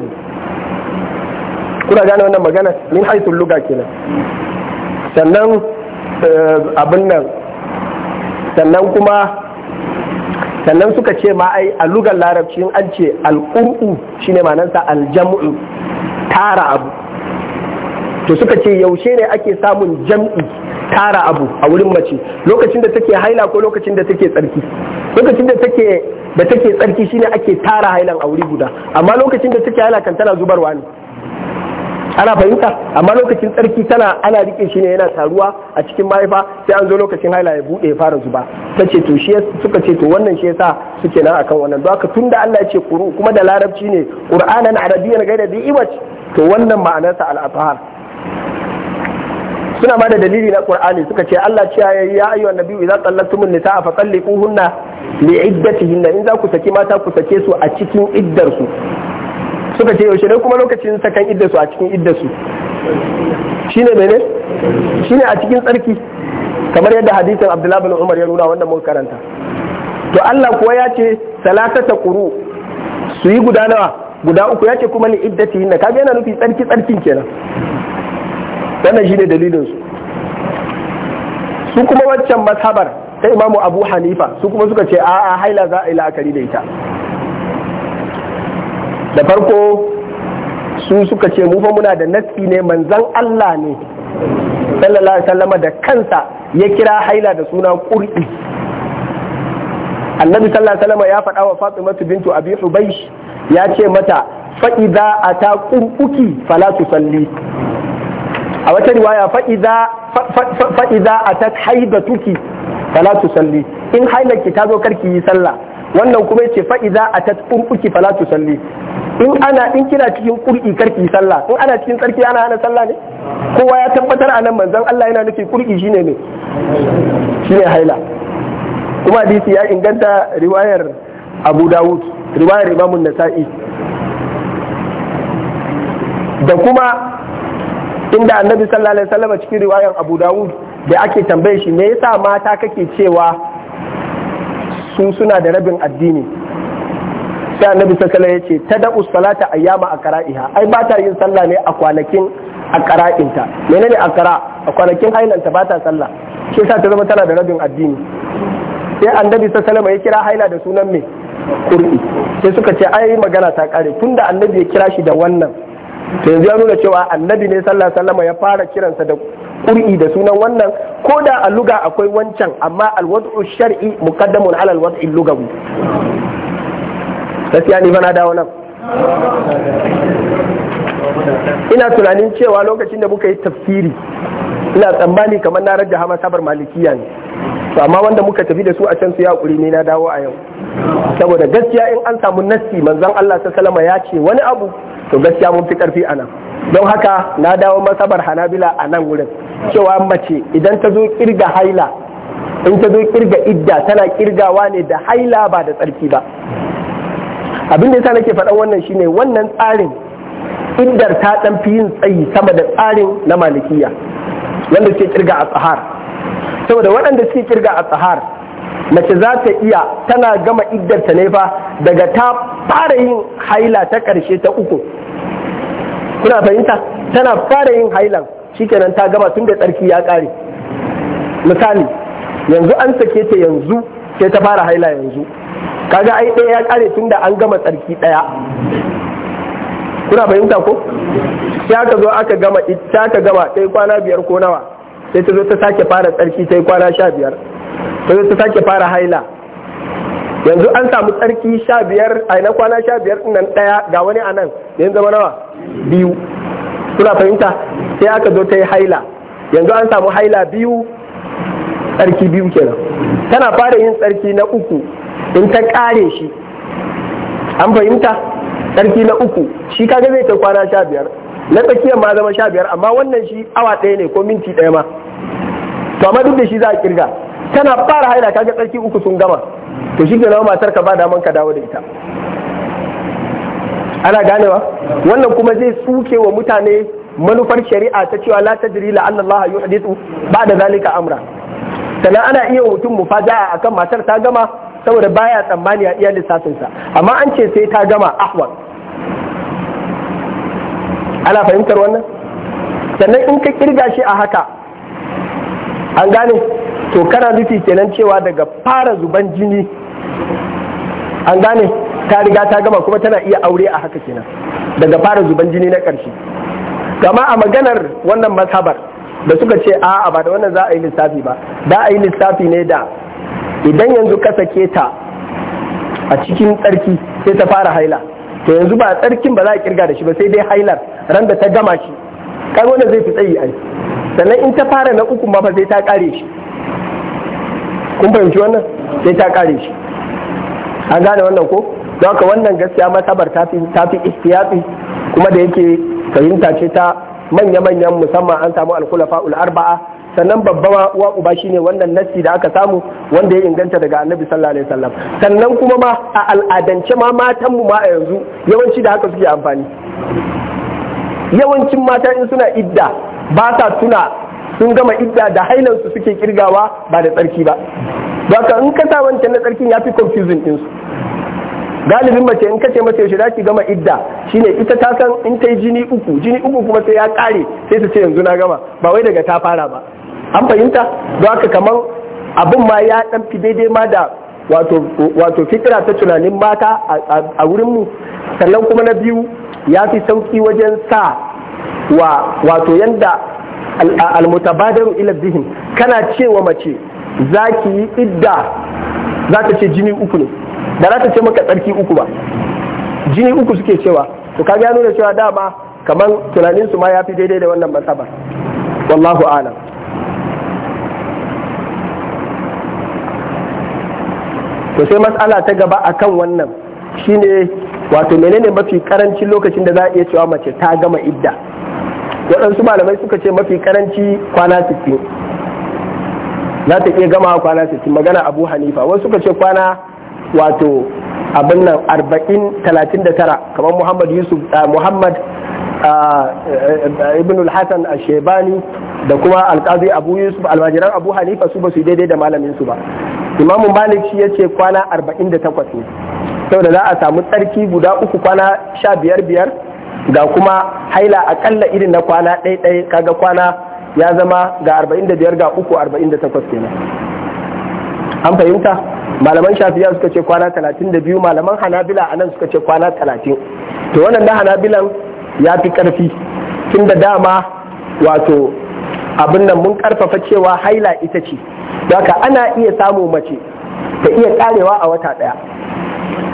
kuna gane wannan magana min haythu luga kenan sannan eh, abin nan sannan kuma sannan suka ce ma ai a lugar larabci in an ce al al-qur'u shine manansa aljamu tara abu to suka ce yaushe ne ake samun jam'i tara abu a wurin mace lokacin da take haila ko lokacin da take tsarki lokacin da take da take tsarki shine ake tara hailan a wuri guda amma lokacin da take haila kan tana zubarwa ne ana fahimta amma lokacin tsarki tana ana rike shi ne yana taruwa a cikin mahaifa sai an zo lokacin haila ya bude ya fara zuba ta ce to shi suka ce to wannan shi yasa suke nan akan wannan don haka tunda Allah ya ce kuma da larabci ne qur'anan arabiyyan gaida bi iwaj to wannan ma'anarsa al-athhar suna ma da dalili na qur'ani suka ce Allah ce ya ayyuhan nabiyyu idza tallaqtumun nisaa fa talliquhunna li iddatihinna in za ku saki mata ku sake su a cikin iddar su suka ce yaushe ne kuma lokacin sakan iddar su a cikin iddar su shine mene shine a cikin tsarki kamar yadda hadisin Abdullah bin Umar ya nuna wanda mun karanta to Allah kuwa ya ce salatata quru su yi guda nawa guda uku ya ce kuma li iddatihinna kaga yana nufi tsarki tsarkin kenan wannan shine dalilin su su kuma waccan mazhabar ta imamu abu hanifa su kuma suka ce a'a haila za a yi la'akari da ita da farko su suka ce mu muna da nassi ne manzan Allah ne sallallahu alaihi da kansa ya kira haila da suna ƙuri annabi sallallahu alaihi ya faɗa wa fatimatu bintu abi hubaysh ya ce mata fa'ida a ta qur'uki fala tusalli a wata riwaya fa'iza a ta haida tuki fala salli in hainarki ta zo karki yi sallah wannan kuma yace fa'iza a ta kurkuki fala salli in ana in kina cikin kurki karki yi sallah in ana cikin tsarki ana hana sallah ne kowa ya tabbatar a nan manzon Allah yana nufi kurki shine ne shine haila kuma hadisi ya inganta riwayar Abu Dawud riwayar Imam Nasa'i da kuma inda annabi sallallahu alaihi wasallam cikin riwayar abu dawud da ake tambaye shi me yasa mata kake cewa su suna da rabin addini sai annabi sallallahu alaihi wasallam ya ce tada'u salata ayyama aqra'iha ai ba ta yin sallah ne a kwanakin aqra'inta menene aqra a kwanakin hailanta ba ta sallah shi yasa ta zama tana da rabin addini sai annabi sallallahu alaihi wasallam ya kira haila da sunan me kur'i sai suka ce ai magana ta kare tunda annabi ya kira shi da wannan to yanzu ya nuna cewa annabi ne sallallahu alaihi wasallam ya fara kiransa da ƙur'i da sunan wannan ko da a luga akwai wancan amma alwad'u shar'i muqaddamun ala alwad'i lugawi gaskiya ni bana dawo nan ina tunanin cewa lokacin da muka yi tafsiri ina tsammani kamar na rajaha masabar malikiya ne to amma wanda muka tafi da su a can su ya ƙuri ne na dawo a yau saboda gaskiya in an samu nassi manzon Allah sallallahu ya ce wani abu to gaskiya mun fi karfi anan don haka na dawo masabar hanabila a nan wurin cewa mace idan ta zo kirga haila in ta zo kirga idda tana kirgawa ne da haila ba da tsarki ba abin da yasa nake faɗan wannan shine wannan tsarin iddar ta dan fi yin tsayi sama da tsarin na malikiya wanda suke kirga a tsahar saboda waɗanda suke kirga a tsahar mace za ta iya tana gama iddarta ne fa daga ta fara yin haila ta ƙarshe ta uku kuna fahimta tana fara yin hailan shikenan ta gama tun da tsarki ya ƙare misali yanzu an sake ta yanzu sai ta fara haila yanzu kaga ai ɗaya ya ƙare tun da an gama tsarki ɗaya kuna fahimta ko sai aka zo aka gama ita aka gama ɗaya kwana biyar ko nawa sai ta zo ta sake fara tsarki ta yi kwana sha biyar ta ta sake fara haila yanzu an samu tsarki sha biyar a na kwana sha biyar nan ɗaya ga wani a nan yanzu zama nawa biyu suna fahimta sai aka zo ta yi haila yanzu an samu haila biyu tsarki biyu kenan tana fara yin tsarki na uku in ta kare shi an fahimta tsarki na uku shi kaga zai ta kwana sha biyar na tsakiyar ma zama sha biyar amma wannan shi awa ɗaya ne ko minti ɗaya ma to amma duk da shi za a kirga tana fara haila kaga tsarki uku sun gama to shi ke matar ka ba daman ka dawo da ita ana ganewa wannan kuma zai tsuke wa mutane manufar shari'a ta cewa la tadri la Allah yuhdithu ba'da zalika amra sannan ana iya mutum mufaja'a akan matar ta gama saboda baya tsammani a iya lissafin sa amma an ce sai ta gama ahwal ana fahimtar wannan sannan in ka kirga shi a haka an gane to kana nufi kenan cewa daga fara zuban jini an gane ta riga ta gama kuma tana iya aure a haka kenan daga fara zuban jini na ƙarshe gama a maganar wannan masabar da suka ce a ba da wannan za a yi lissafi ba za a yi lissafi ne da idan yanzu ka sake ta a cikin tsarki sai ta fara haila to yanzu ba tsarkin ba za a kirga da shi ba sai dai hailar ran da ta gama shi kan wanda zai fi tsayi ai sannan in ta fara na uku ma ba sai ta kare shi kun fahimci wannan sai ta kare shi an gane wannan ko don haka wannan gaskiya masabar ta fi istiyafi kuma da yake fahimta ce ta manya-manyan musamman an samu alkulafa arba'a sannan babba wa uba shine wannan nassi da aka samu wanda ya inganta daga annabi sallallahu alaihi wasallam sannan kuma ma a al'adance ma matan mu ma a yanzu yawanci da haka suke amfani yawancin mata in suna idda ba sa tuna sun gama idda da hailansu suke kirgawa ba da tsarki ba baka in ka sa wancan na tsarkin ya fi confusing din su galibin mace in ka ce mace shi za ki gama idda shine ita ta san in ta yi jini uku jini uku kuma sai ya kare sai ta ce yanzu na gama ba wai daga ta fara ba an fahimta don haka kamar abin ma ya dan fi daidai ma da wato fitira ta tunanin mata a wurin mu sannan kuma na biyu ya fi sauki wajen sa wa wato yanda almutabadaru ila zihin kana cewa mace za ki yi idda za ta ce jini uku ne da za ta ce maka tsarki uku ba jini uku suke cewa to ka gano da cewa dama kamar tunanin su ma ya fi daidai da wannan masaba wallahu alam to sai matsala ta gaba akan wannan shine wato menene mafi karancin lokacin da za a iya cewa mace ta gama idda waɗansu malamai suka ce mafi karanci kwana 60 za ta iya gama kwana 60 magana abu hanifa wasu suka ce kwana wato abin nan 40 39 kamar muhammad yusuf ah, muhammad ah, eh, ibn al hassan al-shebani da kuma alkazi abu yusuf almajiran abu hanifa su ba su daidai da malamin su ba imamu malik shi ya ce kwana 48 ne saboda za a samu tsarki guda uku kwana sha biyar biyar ga kuma haila akalla irin na kwana ɗaiɗai kaga kwana ya zama ga 45 ga 3 48 kenan an fahimta malaman shafiya suka ce kwana 32 malaman hanabila a nan suka ce kwana 30 to wannan na hanabilan ya fi ƙarfi tun da dama wato abin nan mun ƙarfafa cewa haila ita ce haka ana iya samu mace ta iya ɗarewa a wata ɗaya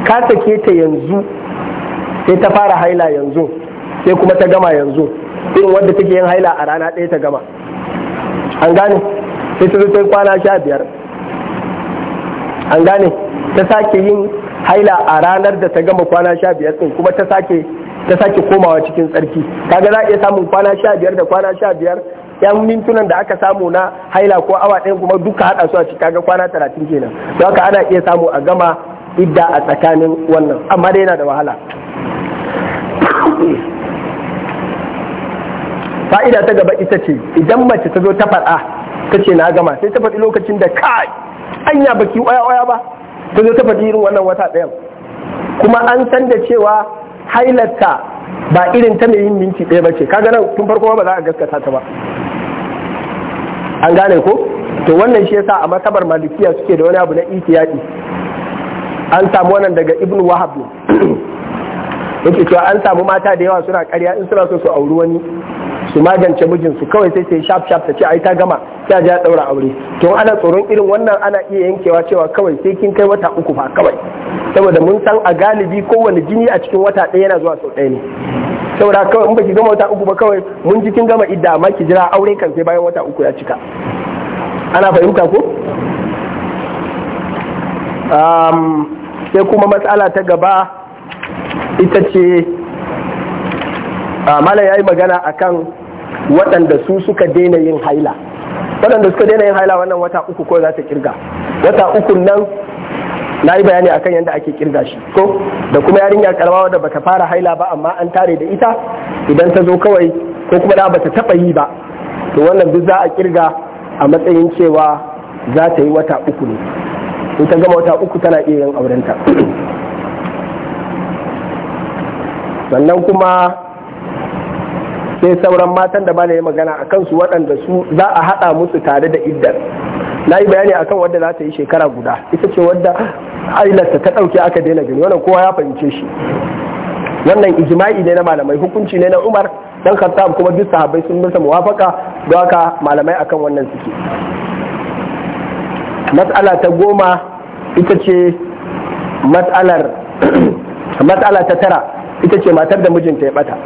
ka sake ta yanzu sai ta fara haila yanzu sai kuma ta gama yanzu irin wadda take yin haila a rana ɗaya ta gama an gane sai ta zo kwana sha biyar an gane ta sake yin haila a ranar da ta gama kwana sha biyar ɗin kuma ta sake ta sake komawa cikin tsarki kaga za a iya samun kwana sha biyar da kwana sha biyar yan mintunan da aka samu na haila ko awa ɗaya kuma duka haɗa su a cikin kaga kwana talatin kenan don haka ana iya samu a gama idda a tsakanin wannan amma dai yana da wahala fa'ida ta gaba ita ce idan mace ta zo ta faɗa ta ce na gama sai ta faɗi lokacin da kai anya baki oya oya ba ta zo ta faɗi irin wannan wata ɗayan kuma an san da cewa hailarta ba irin ta mai yin minti ɗaya ba ce kaga nan tun farko ba za a gaskata ta ba an gane ko to wannan shi yasa a masabar malikiya suke da wani abu na ihtiyadi an samu wannan daga ibn wahab yake cewa an samu mata da yawa suna karya in suna so su auri wani su magance mijinsu kawai sai sai shaf shaf ta ce ai ta gama ta ja daura aure to ana tsoron irin wannan ana iya yankewa cewa kawai sai kin kai wata uku fa kawai saboda mun san a galibi kowane jini a cikin wata ɗaya yana zuwa sau ɗaya ne saboda kawai in baki gama wata uku ba kawai mun ji kin gama idda amma ki jira aure kan sai bayan wata uku ya cika ana fahimta ko sai kuma matsala ta gaba ita ce mala ya yi magana akan waɗanda su suka daina yin haila waɗanda suka daina yin haila wannan wata uku ko za ta kirga wata uku nan na yi bayani akan yadda ake kirga shi ko da kuma yarinya karama da bata fara haila ba amma an tare da ita idan ta zo kawai ko kuma da bata taba yi ba to wannan duk za a kirga a matsayin cewa za ta yi wata uku ne in ta gama wata uku tana iya yin aurenta sannan kuma sai sauran matan da na ya magana a kansu waɗanda su za a haɗa musu tare da iddar na yi bayani akan wadda za ta yi shekara guda ita ce wadda ailarta ta ɗauke aka daina gani wannan kowa ya fahimce shi wannan ijma'i ne na malamai hukunci ne na umar dan khattab kuma duk sahabbai sun masa muwafaka don haka malamai akan wannan suke mas'ala ta goma ita ce mas'alar mas'ala ta tara ita ce matar da mijinta ya bata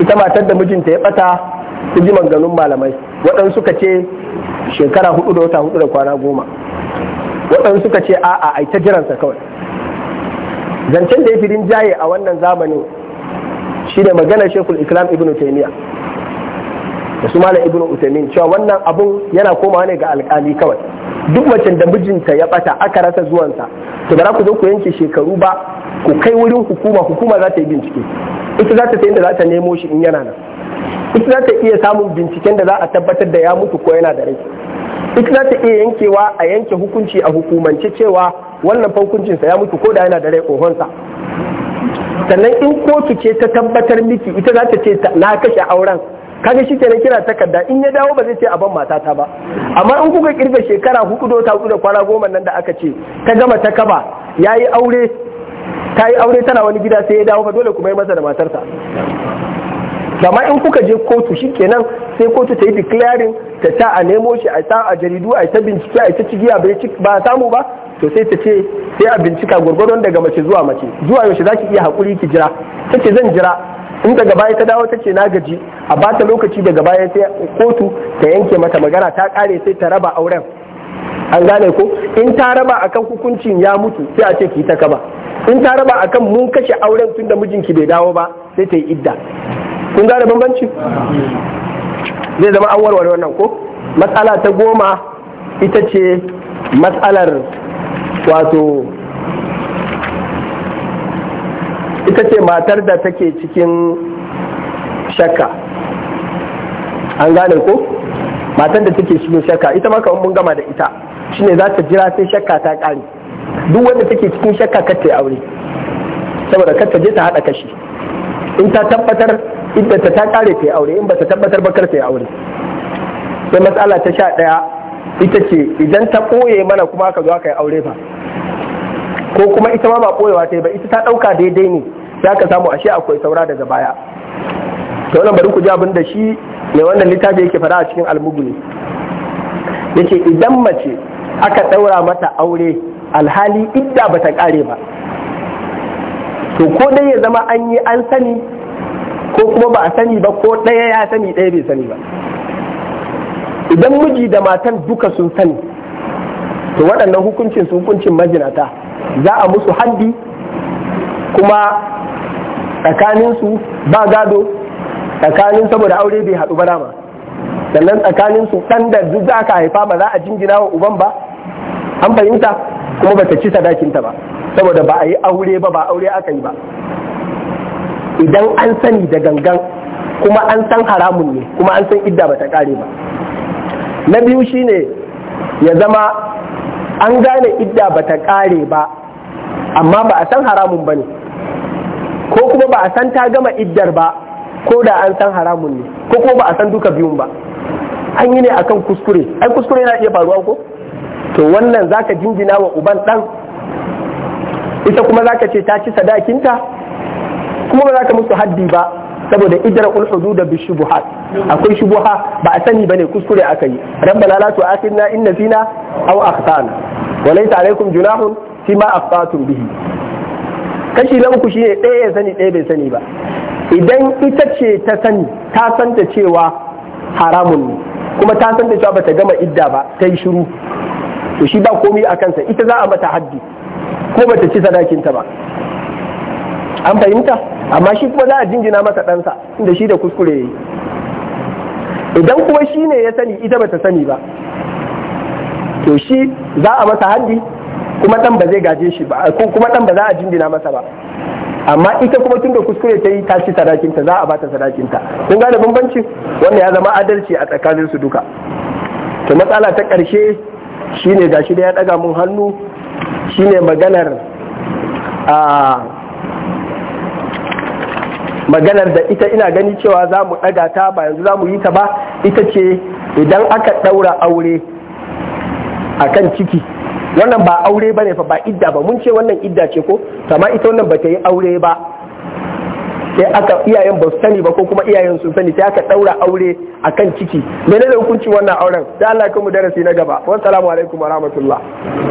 ita matar da mijinta ya bata ta ji manganun malamai waɗansu suka ce shekara hudu da wata hudu da kwana goma waɗansu suka ce a'a a ta jiransa kawai zancen da ya firin jaye a wannan zamanin shi ne maganar shekul islam ibn taimiyya da su malam ibn utaimin cewa wannan abun yana komawa ne ga alkali kawai duk wacce da mijinta ya bata aka rasa zuwansa to ba za ku zo ku yanke shekaru ba ku kai wurin hukuma hukuma za ta yi bincike ita za ta sai inda za ta nemo shi in yana nan ita za ta iya samun binciken da za a tabbatar da ya mutu ko yana da rai ita za ta iya yankewa a yanke hukunci a hukumance cewa wannan sa ya mutu ko da yana da rai sa sannan in kotu ce ta tabbatar miki ita za ta ce na kashe auren kaga shi kenan kira takarda in ya dawo ba zai ce a ban matata ba amma in kuka kirga shekara hudu da ta hudu da kwana goma nan da aka ce ta gama ta kaba yayi aure ta yi aure tana wani gida sai ya dawo fa dole kuma yi masa da matarsa Gama in kuka je kotu shikenan sai kotu ta yi declaring ta ta a nemo shi a ta a jaridu a ta bincike a ta cigiya ba a samu ba to sai ta ce sai a bincika gwargwadon daga mace zuwa mace zuwa yaushe zaki ki iya haƙuri ki jira ta zan jira in daga baya ta dawo ta na gaji a bata lokaci daga baya sai kotu ta yanke mata magana ta kare sai ta raba auren an gane ko in ta raba akan hukuncin ya mutu sai a ce ki ta kaba in ta raba akan mun kashe auren tunda mijinki bai dawo ba sai ta yi idda kun gane bambanci zai zama an warware wannan ko matsala ta goma ita ce matsalar wato ita ce matar da take cikin shakka an gane ko matar da take cikin shakka ita maka mun gama da ita shine za ta jira sai shakka ta ƙare duk wanda take cikin shakka kar ta aure saboda kar ta je ta hada kashi in ta tabbatar idan ta kare ta aure in ba ta tabbatar ba kar ta aure sai matsala ta sha daya ita ce idan ta koye mana kuma aka zo aka yi aure ba ko kuma ita ma ba koyewa ta yi ba ita ta ɗauka daidai ne za ka samu ashe akwai saura daga baya to wannan bari ku ji abin da shi mai wannan littafi yake fara a cikin almuguni yace idan mace aka daura mata aure alhali idda ba ta kare ba to ko dai ya zama an yi an sani ko kuma ba a sani ba ko ɗaya ya sani ɗaya bai sani ba idan miji da matan duka sun sani to waɗannan hukuncin su hukuncin majinata za a musu haddi kuma tsakaninsu ba gado tsakanin saboda aure bai haɗu ba dama sannan tsakaninsu ɗan da duk za haifa ba za a jingina wa uban ba an fahimta kuma bata ci sadakinta ba saboda ba a yi aure ba ba aure aka yi ba idan an sani da gangan kuma an san haramun ne kuma an san idda bata kare ba na biyu shine ya zama an gane idda bata kare ba amma ba a san haramun ba ne ko kuma ba a san ta gama iddar ba ko da an san haramun ne ko kuma ba a san duka biyun ba an yi ne kan kuskure ai kuskure yana iya faruwa ko to wannan zaka jingina wa uban ɗan? ita kuma zaka ce ta ci sadakinta kuma ba za ka musu haddi ba saboda idra'ul hududa bi shubuhat akwai shubuha ba a sani bane kuskure aka yi rabbana la tu'akhidna in nasina aw akhtana wa laysa alaykum junahun fima akhtatum bihi kashi na uku shine ɗaya ya sani ɗaya bai sani ba idan ita ce ta sani ta san da cewa haramun ne kuma ta san da cewa ta gama idda ba ta yi shiru to shi ba komai a kansa ita za a mata haddi ko bata ci sadakinta ba an fahimta amma shi kuma za a jinjina masa ɗansa inda shi da kuskure ya yi idan kuma shi ne ya sani ita bata sani ba to shi za a masa haddi kuma ɗan ba zai gaje shi ba kuma ɗan ba za a jinjina masa ba amma ita kuma tun da kuskure ta yi ta ci sadakinta za a bata sadakinta kun gane bambanci wannan ya zama adalci a tsakanin su duka to matsala ta ƙarshe shi gashi da ya daga mun hannu shine maganar a maganar da ita ina gani cewa za mu daga ta ba yanzu za mu yi ta ba ita ce idan aka daura aure a kan ciki wannan ba aure ba ne fa ba idda ba mun ce wannan idda ce ko kama ita wannan ba ta yi aure ba sai aka iyayen ba su sani ba ko kuma iyayen sun sani sai aka daura aure a kan ciki menene hukunci wannan auren Sai Allah ya kuma darasi na gaba Wa assalamu alaikum wa rahmatullah